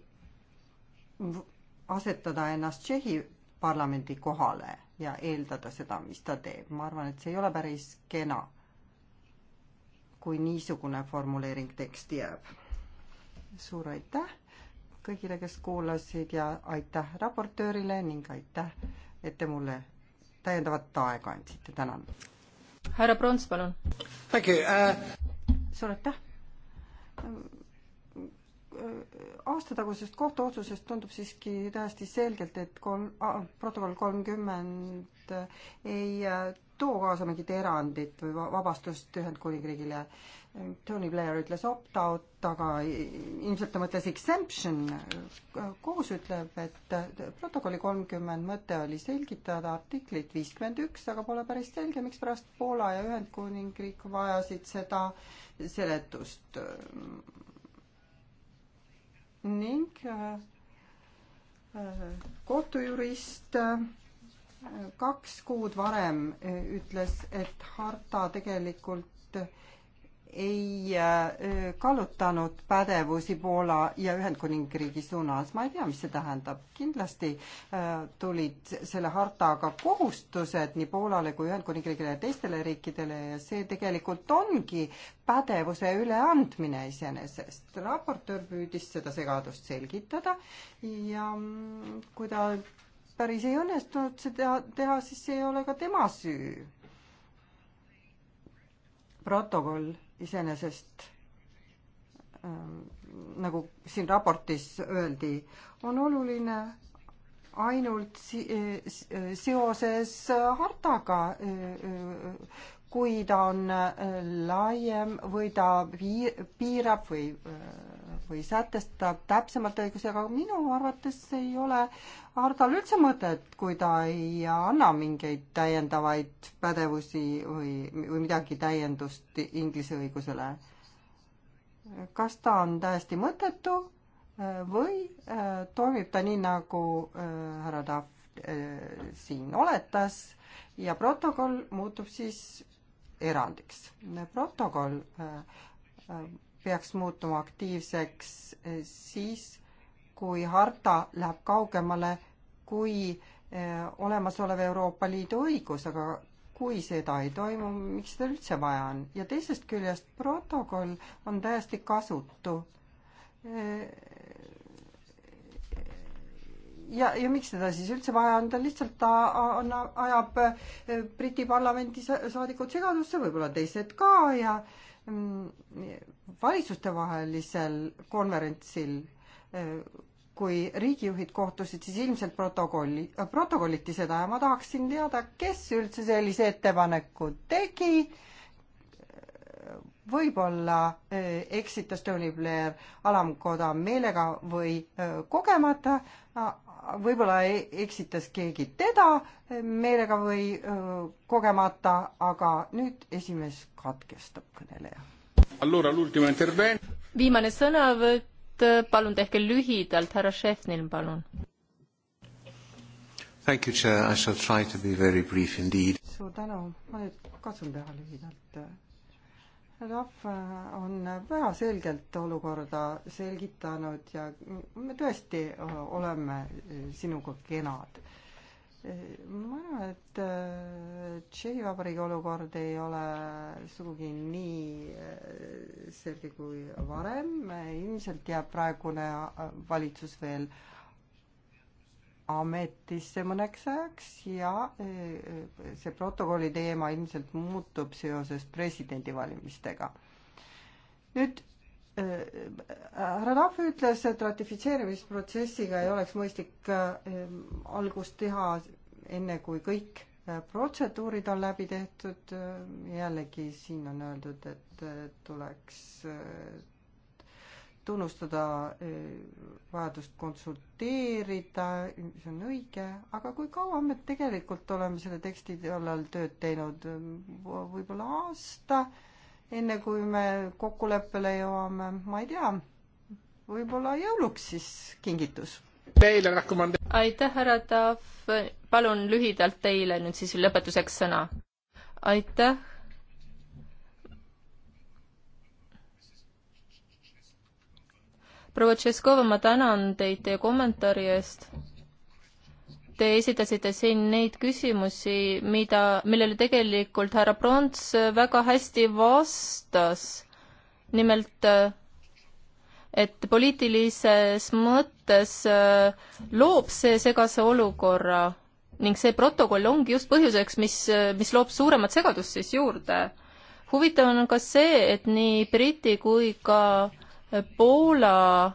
Speaker 1: asetada ennast Tšehhi parlamendi kohale ja eeldada seda, mis ta teeb. ma arvan, et see ei ole päris kena, kui niisugune formuleering teksti jääb. suur aitäh kõigile, kes kuulasid ja aitäh raportöörile ning aitäh, et te mulle täiendavat aega andsite, tänan. härra Prons, palun. Uh... suur aitäh aasta tagusest kohtuotsusest tundub siiski täiesti selgelt, et kolm, protokoll kolmkümmend ei äh, too kaasa mingit erandit või vabastust Ühendkuningriigile. Tony Blair ütles opt-out, aga ilmselt ta mõtles exemption. kohus ütleb, et äh, protokolli kolmkümmend mõte oli selgitada artiklit viiskümmend üks, aga pole päris selge, mikspärast Poola ja Ühendkuningriik vajasid seda seletust ning äh, äh, kohtujurist äh, kaks kuud varem ütles, et harta tegelikult ei äh, kallutanud pädevusi Poola ja Ühendkuningriigi suunas. ma ei tea, mis see tähendab. kindlasti äh, tulid selle hartaga kohustused nii Poolale kui Ühendkuningriigile ja teistele riikidele ja see tegelikult ongi pädevuse üleandmine iseenesest. raportöör püüdis seda segadust selgitada ja mm, kui ta päris ei õnnestunud seda teha, siis see ei ole ka tema süü protokoll iseenesest ähm, nagu siin raportis öeldi, on oluline ainult si-, äh, äh, seoses hartaga äh, kui ta on äh, laiem või ta piirab või, äh, või sätestab täpsemalt õigusi, aga minu arvates ei ole Hardal üldse mõtet, kui ta ei anna mingeid täiendavaid pädevusi või, või midagi täiendust Inglise õigusele. kas ta on täiesti mõttetu äh, või toimib ta nii, nagu härra Tahv siin oletas ja protokoll muutub siis erandiks. protokoll äh, äh, peaks muutuma aktiivseks äh, siis, kui harta läheb kaugemale kui olemasolev Euroopa Liidu õigus, aga kui seda ei toimu, miks seda üldse vaja on? ja teisest küljest protokoll on täiesti kasutu ja, ja miks seda siis üldse vaja on, ta lihtsalt ta anna, ajab eh, Briti parlamendi saadikud segadusse, võib-olla teised ka ja mm, valitsustevahelisel konverentsil, eh, kui riigijuhid kohtusid, siis ilmselt protokolli, eh, protokolliti seda ja ma tahaksin teada, kes üldse sellise ettepaneku tegi võib-olla eksitas Tony Blair alamkoda meelega või kogemata, võib-olla e-, eksitas keegi teda meelega või öö, kogemata, aga nüüd esimees katkestab kõneleja.
Speaker 2: viimane sõnavõtt, palun tehke lühidalt, härra Šefnil, palun.
Speaker 1: Thank you, chair, I shall try to be very brief indeed. suur tänu, ma nüüd katsun teha lühidalt rahva on väga selgelt olukorda selgitanud ja me tõesti oleme sinuga kenad. ma arvan, et äh, Tšehhi Vabariigi olukord ei ole sugugi nii äh, selge kui varem, ilmselt jääb praegune valitsus veel ametisse mõneks ajaks ja e, e, see protokolli teema ilmselt muutub seoses presidendivalimistega. nüüd e, härra Tahv ütles, et ratifitseerimisprotsessiga ei oleks mõistlik algust teha enne, kui kõik protseduurid on läbi tehtud. jällegi siin on öeldud, et tuleks tunnustada eh, vajadust konsulteerida, see on õige, aga kui kaua me tegelikult oleme selle teksti kallal tööd teinud, võib-olla aasta, enne kui me kokkuleppele jõuame, ma ei tea, võib-olla jõuluks siis kingitus.
Speaker 2: aitäh, härra Tahv, palun lühidalt teile nüüd siis lõpetuseks sõna. aitäh proua Tšeskova, ma tänan teid teie kommentaari eest. Te esitasite siin neid küsimusi, mida, millele tegelikult härra Prants väga hästi vastas. nimelt, et poliitilises mõttes äh, loob see segase olukorra ning see protokoll ongi just põhjuseks, mis, mis loob suuremat segadust siis juurde. huvitav on ka see, et nii Briti kui ka Poola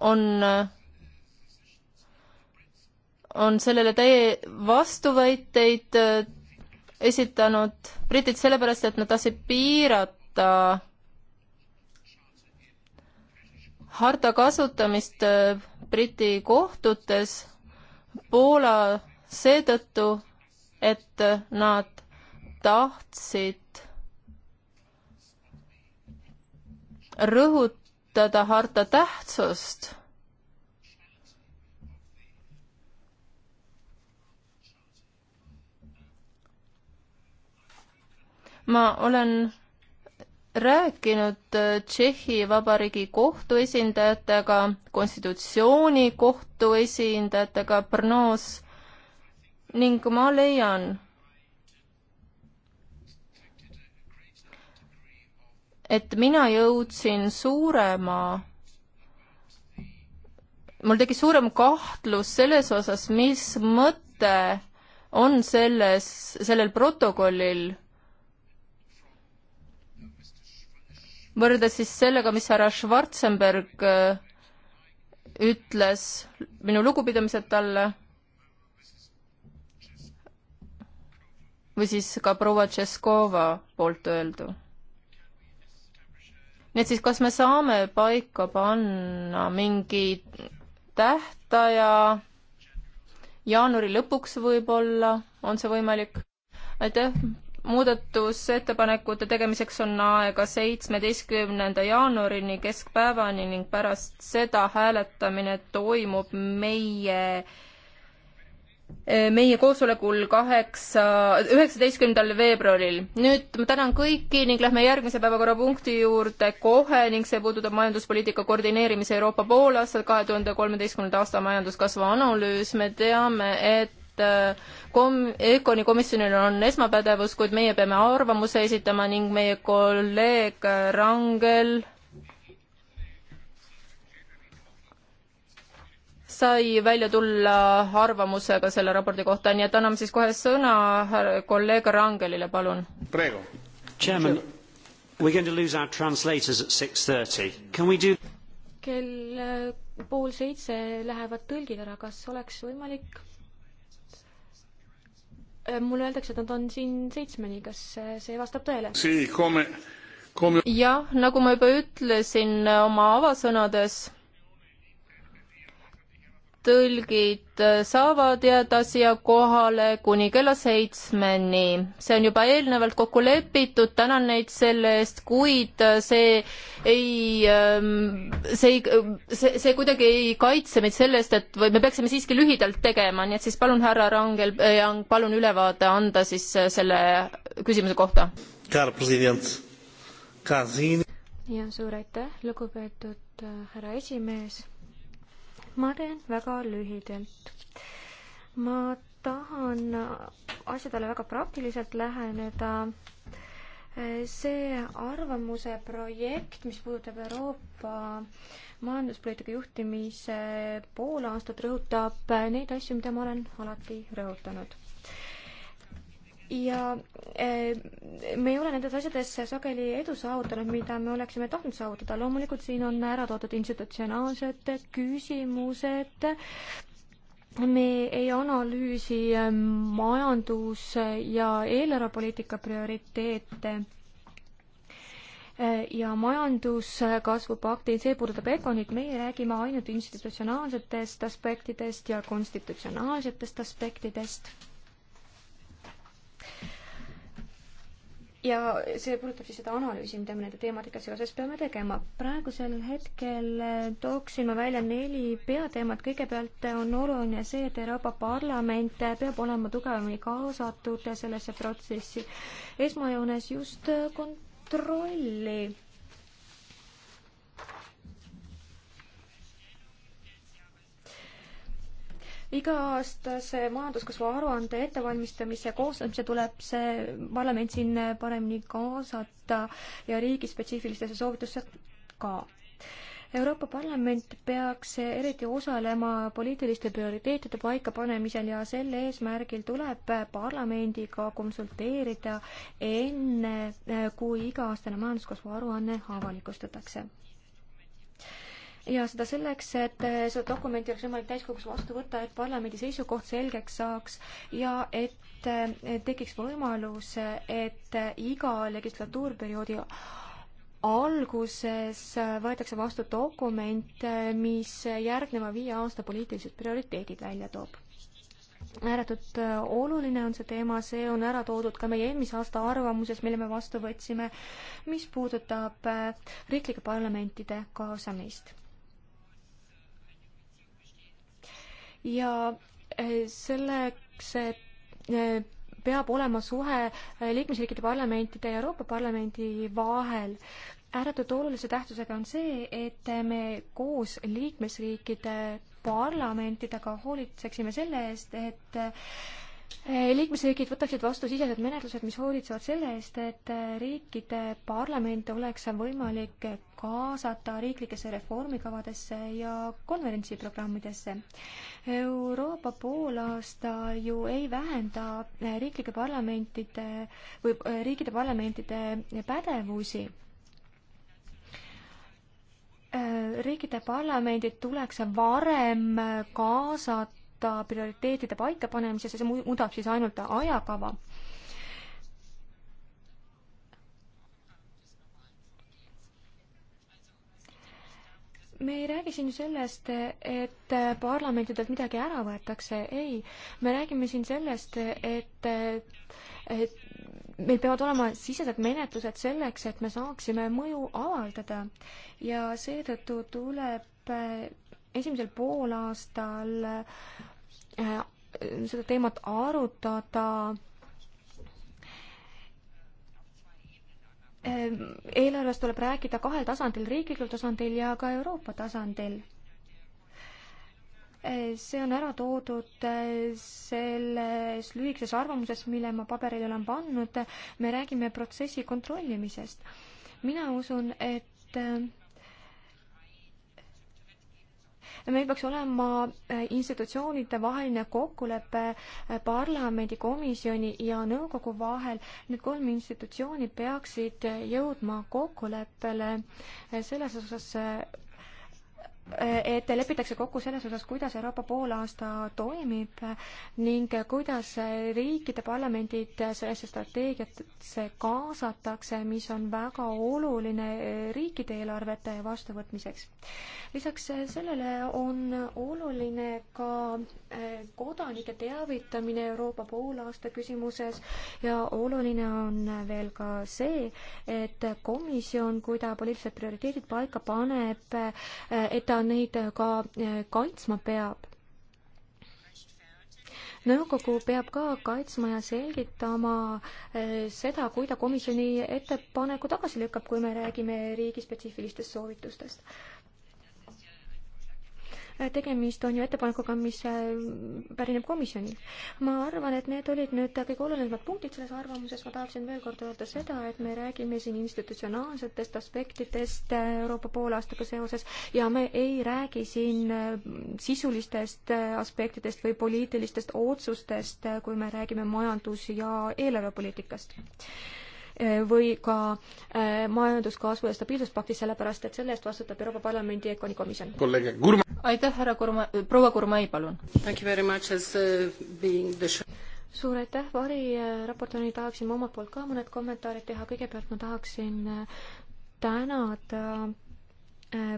Speaker 2: on, on sellele täie vastuväiteid äh, esitanud britid sellepärast, et nad tahtsid piirata harta kasutamist äh, Briti kohtutes Poola seetõttu, et äh, nad tahtsid rõhutada harta tähtsust. ma olen rääkinud Tšehhi Vabariigi kohtu esindajatega, konstitutsioonikohtu esindajatega Brnos ning ma leian, et mina jõudsin suurema mul tekkis suurem kahtlus selles osas, mis mõte on selles, sellel protokollil võrreldes siis sellega, mis härra Schwarzenberg äh, ütles, minu lugupidamised talle, või siis ka proua Tšeskova poolt öeldu nii et siis, kas me saame paika panna mingi tähtaja jaanuari lõpuks võib-olla, on see võimalik? aitäh, muudatusettepanekute tegemiseks on aega seitsmeteistkümnenda jaanuarini keskpäevani ning pärast seda hääletamine toimub meie meie koosolekul kaheksa, üheksateistkümnendal veebruaril. nüüd ma tänan kõiki ning lähme järgmise päevakorrapunkti juurde kohe ning see puudutab majanduspoliitika koordineerimise Euroopa poolaastal kahe tuhande kolmeteistkümnenda aasta majanduskasvu analüüs. me teame, et äh, kom-, EKONi komisjonil on esmapädevus, kuid meie peame arvamuse esitama ning meie kolleeg Rangel sai välja tulla arvamusega selle raporti kohta, nii et anname siis kohe sõna kolleeg Rangelile, palun.
Speaker 1: Chairman,
Speaker 3: we are going to lose our translators at six thirty, can we do? kell eh, pool seitse lähevad tõlgid ära, kas oleks võimalik? Eh, mulle öeldakse, et nad on siin seitsmeni, kas eh, see vastab tõele?
Speaker 2: jah, nagu ma juba ütlesin oma avasõnades tõlgid äh, saavad jääda siia kohale kuni kella seitsmeni. see on juba eelnevalt kokku lepitud, tänan neid selle eest, kuid äh, see ei, ähm, see ei, see, see kuidagi ei kaitse meid selle eest, et või me peaksime siiski lühidalt tegema, nii et siis palun, härra Rangel, äh, palun ülevaade anda siis selle küsimuse kohta.
Speaker 3: ja suur aitäh, lugupeetud härra esimees ma teen väga lühidalt. ma tahan asjadele väga praktiliselt läheneda. see arvamuse projekt, mis puudutab Euroopa majanduspoliitika juhtimise poolaastat, rõhutab neid asju, mida ma olen alati rõhutanud ja eh, me ei ole nendes asjades sageli edu saavutanud, mida me oleksime tahtnud saavutada. loomulikult siin on ära toodud institutsionaalsed küsimused, me ei analüüsi eh, majandus- ja eelarvepoliitika prioriteete eh, ja majanduskasvu pakti, see puudutab Econit, meie räägime ainult institutsionaalsetest aspektidest ja konstitutsionaalsetest aspektidest ja see puudutab siis seda analüüsi, mida me nende teemadega seoses peame tegema. praegusel hetkel äh, tooksin ma välja neli peateemat. kõigepealt on oluline see, et Euroopa Parlament peab olema tugevamini kaasatud sellesse protsessi. esmajoones just äh, kontrolli iga-aastase majanduskasvu aruande ettevalmistamise ja koostamise tuleb see parlament siin paremini kaasata ja riigispetsiifilistesse soovitustesse ka Euroopa Parlament peaks eriti osalema poliitiliste prioriteetide paikapanemisel ja sel eesmärgil tuleb parlamendiga konsulteerida enne, kui iga-aastane majanduskasvu aruanne avalikustatakse ja seda selleks, et äh, seda dokumenti oleks võimalik täiskogus vastu võtta, et parlamendi seisukoht selgeks saaks ja et äh, tekiks võimalus, et äh, iga legislatuurperioodi alguses võetakse vastu dokument, mis järgneva viie aasta poliitilised prioriteedid välja toob ääretult oluline on see teema, see on ära toodud ka meie eelmise aasta arvamuses, mille me vastu võtsime, mis puudutab riiklike parlamentide kaasamist. ja eh, selleks eh, peab olema suhe eh, liikmesriikide parlamentide ja Euroopa Parlamendi vahel ääretult olulise tähtsusega on see, et me koos liikmesriikide parlamentidega hoolitseksime selle eest, et liikmesriigid võtaksid vastu sisesed menetlused, mis hoolitsevad selle eest, et riikide parlamente oleks võimalik kaasata riiklikesse reformikavadesse ja konverentsiprogrammidesse. Euroopa poolaasta ju ei vähenda riiklike parlamentide või äh, riikide parlamentide pädevusi äh, riikide parlamendid tuleks varem kaasata prioriteetide paikapanemisesse, see muudab siis ainult ajakava. me ei räägi siin ju sellest, et parlamentidelt midagi ära võetakse, ei. me räägime siin sellest, et, et meil peavad olema sisesed menetlused selleks, et me saaksime mõju avaldada ja seetõttu tuleb eh, esimesel poolaastal eh, seda teemat arutada Ehm, eelarvest tuleb rääkida kahel tasandil, riiklikul tasandil ja ka Euroopa tasandil. Ehm, see on ära toodud ehm, selles lühikeses arvamuses, mille ma paberile olen pannud. me räägime protsessi kontrollimisest. mina usun, et meil peaks olema äh, institutsioonide vaheline kokkulepe äh, parlamendi, komisjoni ja nõukogu vahel. Need kolm institutsiooni peaksid äh, jõudma kokkuleppele selles osas, et lepitakse kokku selles osas, kuidas Euroopa poolaasta toimib ning kuidas riikide parlamendid sellesse strateegiasse kaasatakse, mis on väga oluline riikide eelarvete vastuvõtmiseks. lisaks sellele on oluline ka äh, kodanike teavitamine Euroopa poolaasta küsimuses ja oluline on veel ka see, et komisjon, kui ta poliitilised prioriteedid paika paneb, äh, et ta ta neid äh, ka äh, kaitsma peab. nõukogu peab ka kaitsma ja selgitama äh, seda, kui ta komisjoni ettepaneku tagasi lükkab, kui me räägime riigispetsiifilistest soovitustest tegemist on ju ettepanekuga, mis äh, pärineb komisjonilt. ma arvan, et need olid nüüd kõige olulisemad punktid selles arvamuses, ma tahaksin veel kord öelda seda, et me räägime siin institutsionaalsetest aspektidest äh, Euroopa poolaastaga seoses ja me ei räägi siin äh, sisulistest aspektidest või poliitilistest otsustest, kui me räägime majandus- ja eelarvepoliitikast Eh, või ka eh, majanduskasvu ja stabiilsuspaktis, sellepärast et selle eest vastutab Euroopa Parlamendi EKONi komisjon. aitäh, härra Kurma, eh, proua Kurmai, palun! suur aitäh, Vari raportööri tahaksin ma omalt poolt ka mõned kommentaarid teha, kõigepealt ma tahaksin tänada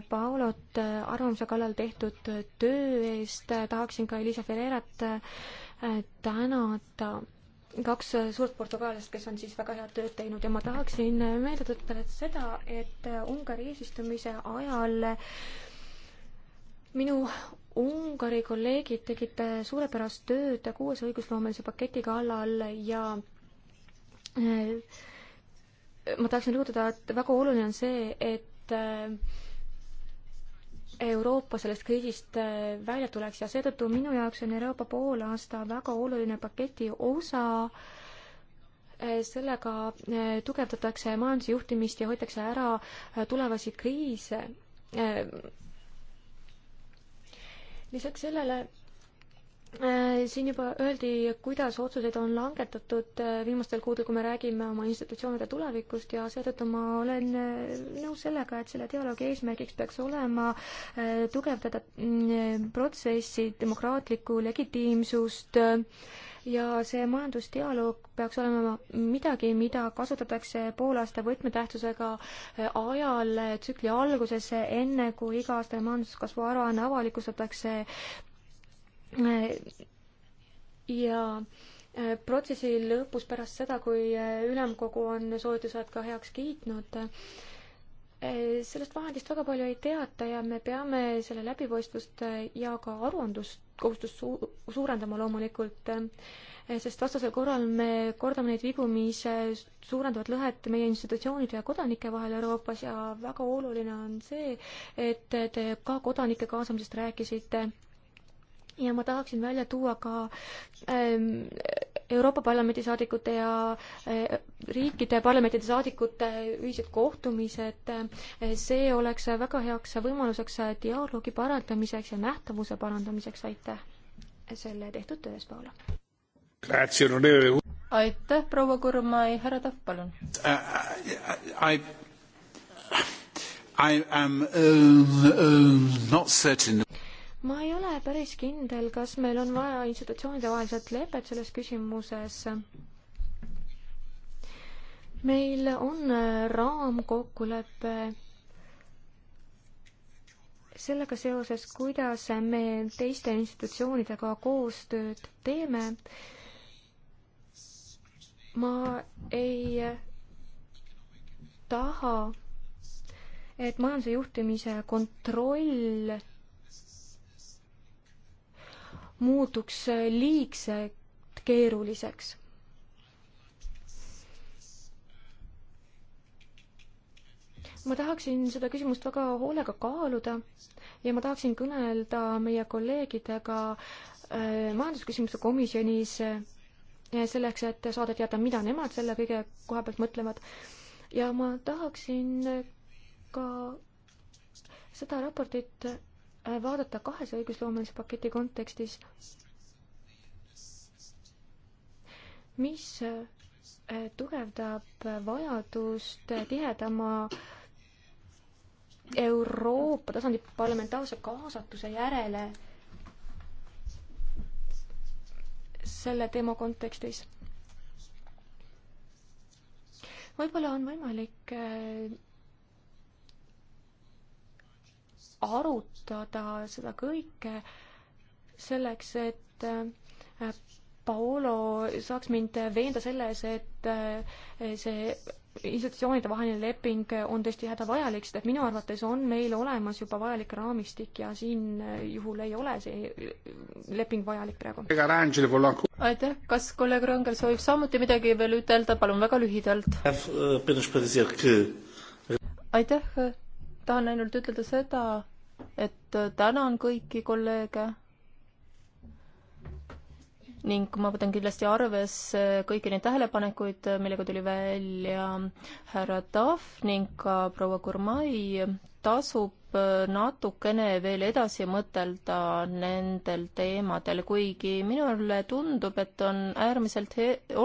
Speaker 3: Paulot arvamuse kallal tehtud töö eest, tahaksin ka Elisa Ferreirat tänada ta kaks suurt portugaalast, kes on siis väga head tööd teinud ja ma tahaksin meelde tõttada seda, et äh, Ungari eesistumise ajal äh, minu Ungari kolleegid tegid äh, suurepärast tööd kuues õigusloomelise paketi kallal ja ma tahaksin rõhutada, et väga oluline on see, et Euroopa sellest kriisist äh, välja tuleks ja seetõttu minu jaoks on Euroopa poolaasta väga oluline paketi osa äh, sellega äh, tugevdatakse majanduse juhtimist ja hoitakse ära tulevasi kriise. lisaks sellele Äh, siin juba öeldi, kuidas otsuseid on langetatud äh, viimastel kuudel, kui me räägime oma institutsioonide tulevikust ja seetõttu ma olen äh, nõus sellega, et selle dialoogi eesmärgiks peaks olema tugevdada mm, protsessi demokraatlikku legitiimsust ja see majandusdialoog peaks olema midagi, mida kasutatakse poolaasta võtmetähtsusega ajal tsükli alguses, enne kui iga-aastane majanduskasvu aruanne avalikustatakse ja äh, protsessi lõpus pärast seda, kui äh, ülemkogu on soovitused ka heaks kiitnud, äh, sellest vahendist väga palju ei teata ja me peame selle läbipaistvust ja ka aruandluskohustust su-, suurendama loomulikult, sest vastasel korral me kordame neid vigu, mis suurendavad lõhet meie institutsioonide ja kodanike vahel Euroopas ja väga oluline on see, et te ka kodanike kaasamisest rääkisite ja ma tahaksin välja tuua ka ähm, Euroopa Parlamendi saadikute ja äh, riikide parlamentide saadikute ühised kohtumised äh,. see oleks väga heaks võimaluseks dialoogi parandamiseks ja nähtavuse parandamiseks. aitäh selle tehtud töö eest, Paula! aitäh, proua Kurmai, härra Tahv, palun
Speaker 1: uh,! I, I am uh, uh, not certain
Speaker 3: ma ei ole päris kindel, kas meil on vaja institutsioonide vahelist lepet selles küsimuses. meil on äh, raamkokkulepe sellega seoses, kuidas me teiste institutsioonidega koostööd teeme. ma ei taha, et majanduse juhtimise kontroll muutuks liigselt keeruliseks. ma tahaksin seda küsimust väga hoolega kaaluda ja ma tahaksin kõnelda meie kolleegidega äh, majandusküsimuste komisjonis äh, selleks, et saada teada, mida nemad selle kõige koha pealt mõtlevad. ja ma tahaksin ka seda raportit Äh, vaadata kahese õigusloomelise paketi kontekstis, mis äh, tugevdab vajadust tihedama Euroopa tasandi parlamentaarse kaasatuse järele selle teema kontekstis. võib-olla on võimalik äh, arutada seda kõike selleks, et äh, Paolo saaks mind veenda selles, et äh, see institutsioonide vaheline leping on tõesti hädavajalik, sest et minu arvates on meil olemas juba vajalik raamistik ja siin äh, juhul ei ole see leping vajalik praegu. aitäh, kas
Speaker 2: kolleeg Rõngel soovib samuti midagi veel ütelda, palun väga lühidalt. aitäh, tahan ainult ütelda seda, et äh, tänan kõiki kolleege ning ma võtan kindlasti arvesse kõiki neid tähelepanekuid, millega tuli välja härra Tahv ning ka proua Gurmai. tasub äh, natukene veel edasi mõtelda nendel teemadel, kuigi minule tundub, et on äärmiselt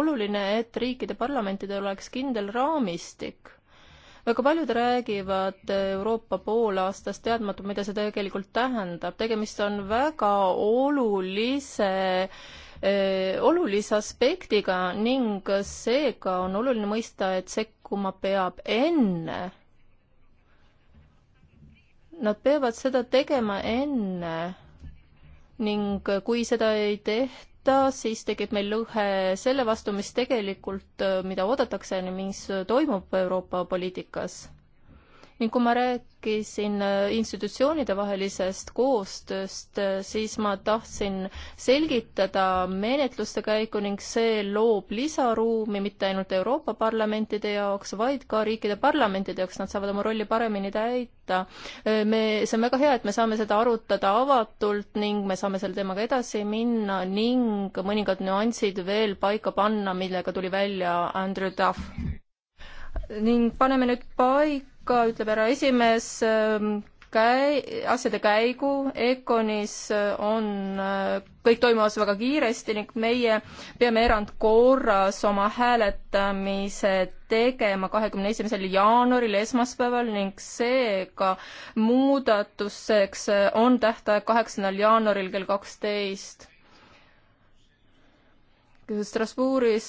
Speaker 2: oluline, et riikide parlamentidel oleks kindel raamistik väga paljud räägivad Euroopa poolaastast teadmata, mida see tegelikult tähendab. tegemist on väga olulise eh, olulise aspektiga ning seega on oluline mõista, et sekkuma peab enne Nad peavad seda tegema enne ning kui seda ei tehta, võtta, siis tekib meil lõhe selle vastu, mis tegelikult, äh, mida oodatakse, mis toimub Euroopa poliitikas ning kui ma rääkisin äh, institutsioonide vahelisest koostööst, äh, siis ma tahtsin selgitada menetluste käiku ning see loob lisaruumi mitte ainult Euroopa parlamentide jaoks, vaid ka riikide parlamentide jaoks, nad saavad oma rolli paremini täita. Äh, me, see on väga hea, et me saame seda arutada avatult ning me saame selle teemaga edasi minna ning mõningad nüansid veel paika panna, millega tuli välja Andrew Duff ning paneme nüüd paika, ütleb härra esimees, ähm, käi-, asjade käigu, EKONis äh, on äh, kõik toimumas väga kiiresti ning meie peame erandkorras oma hääletamise tegema kahekümne esimesel jaanuaril, esmaspäeval ning seega muudatuseks äh, on tähtaeg kaheksandal jaanuaril kell kaksteist Strasbourgis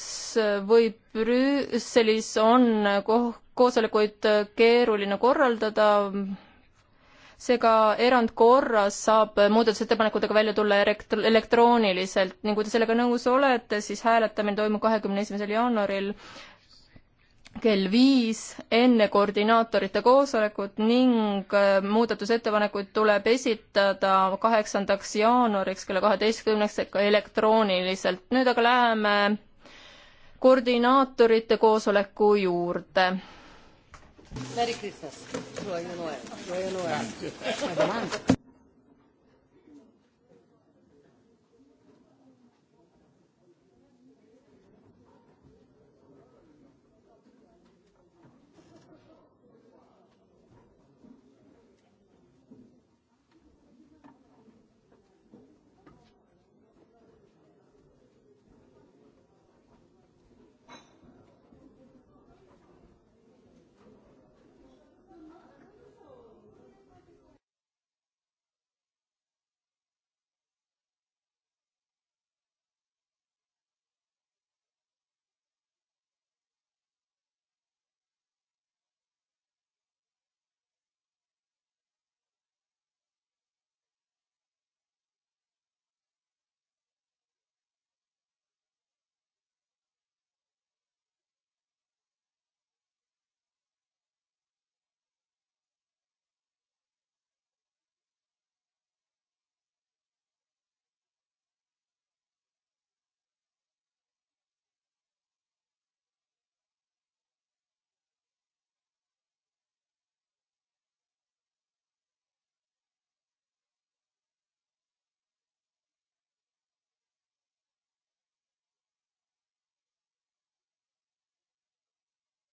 Speaker 2: või Brüsselis on koh-, koosolekuid keeruline korraldada, seega erandkorras saab muudatusettepanekutega välja tulla elekt-, elektrooniliselt ning kui te sellega nõus olete, siis hääletamine toimub kahekümne esimesel jaanuaril kell viis enne koordinaatorite koosolekut ning äh, muudatusettepanekuid tuleb esitada kaheksandaks jaanuariks kella kaheteistkümneks e-, elektrooniliselt. nüüd aga läheme koordinaatorite koosoleku juurde.
Speaker 3: Merry
Speaker 1: Christmas!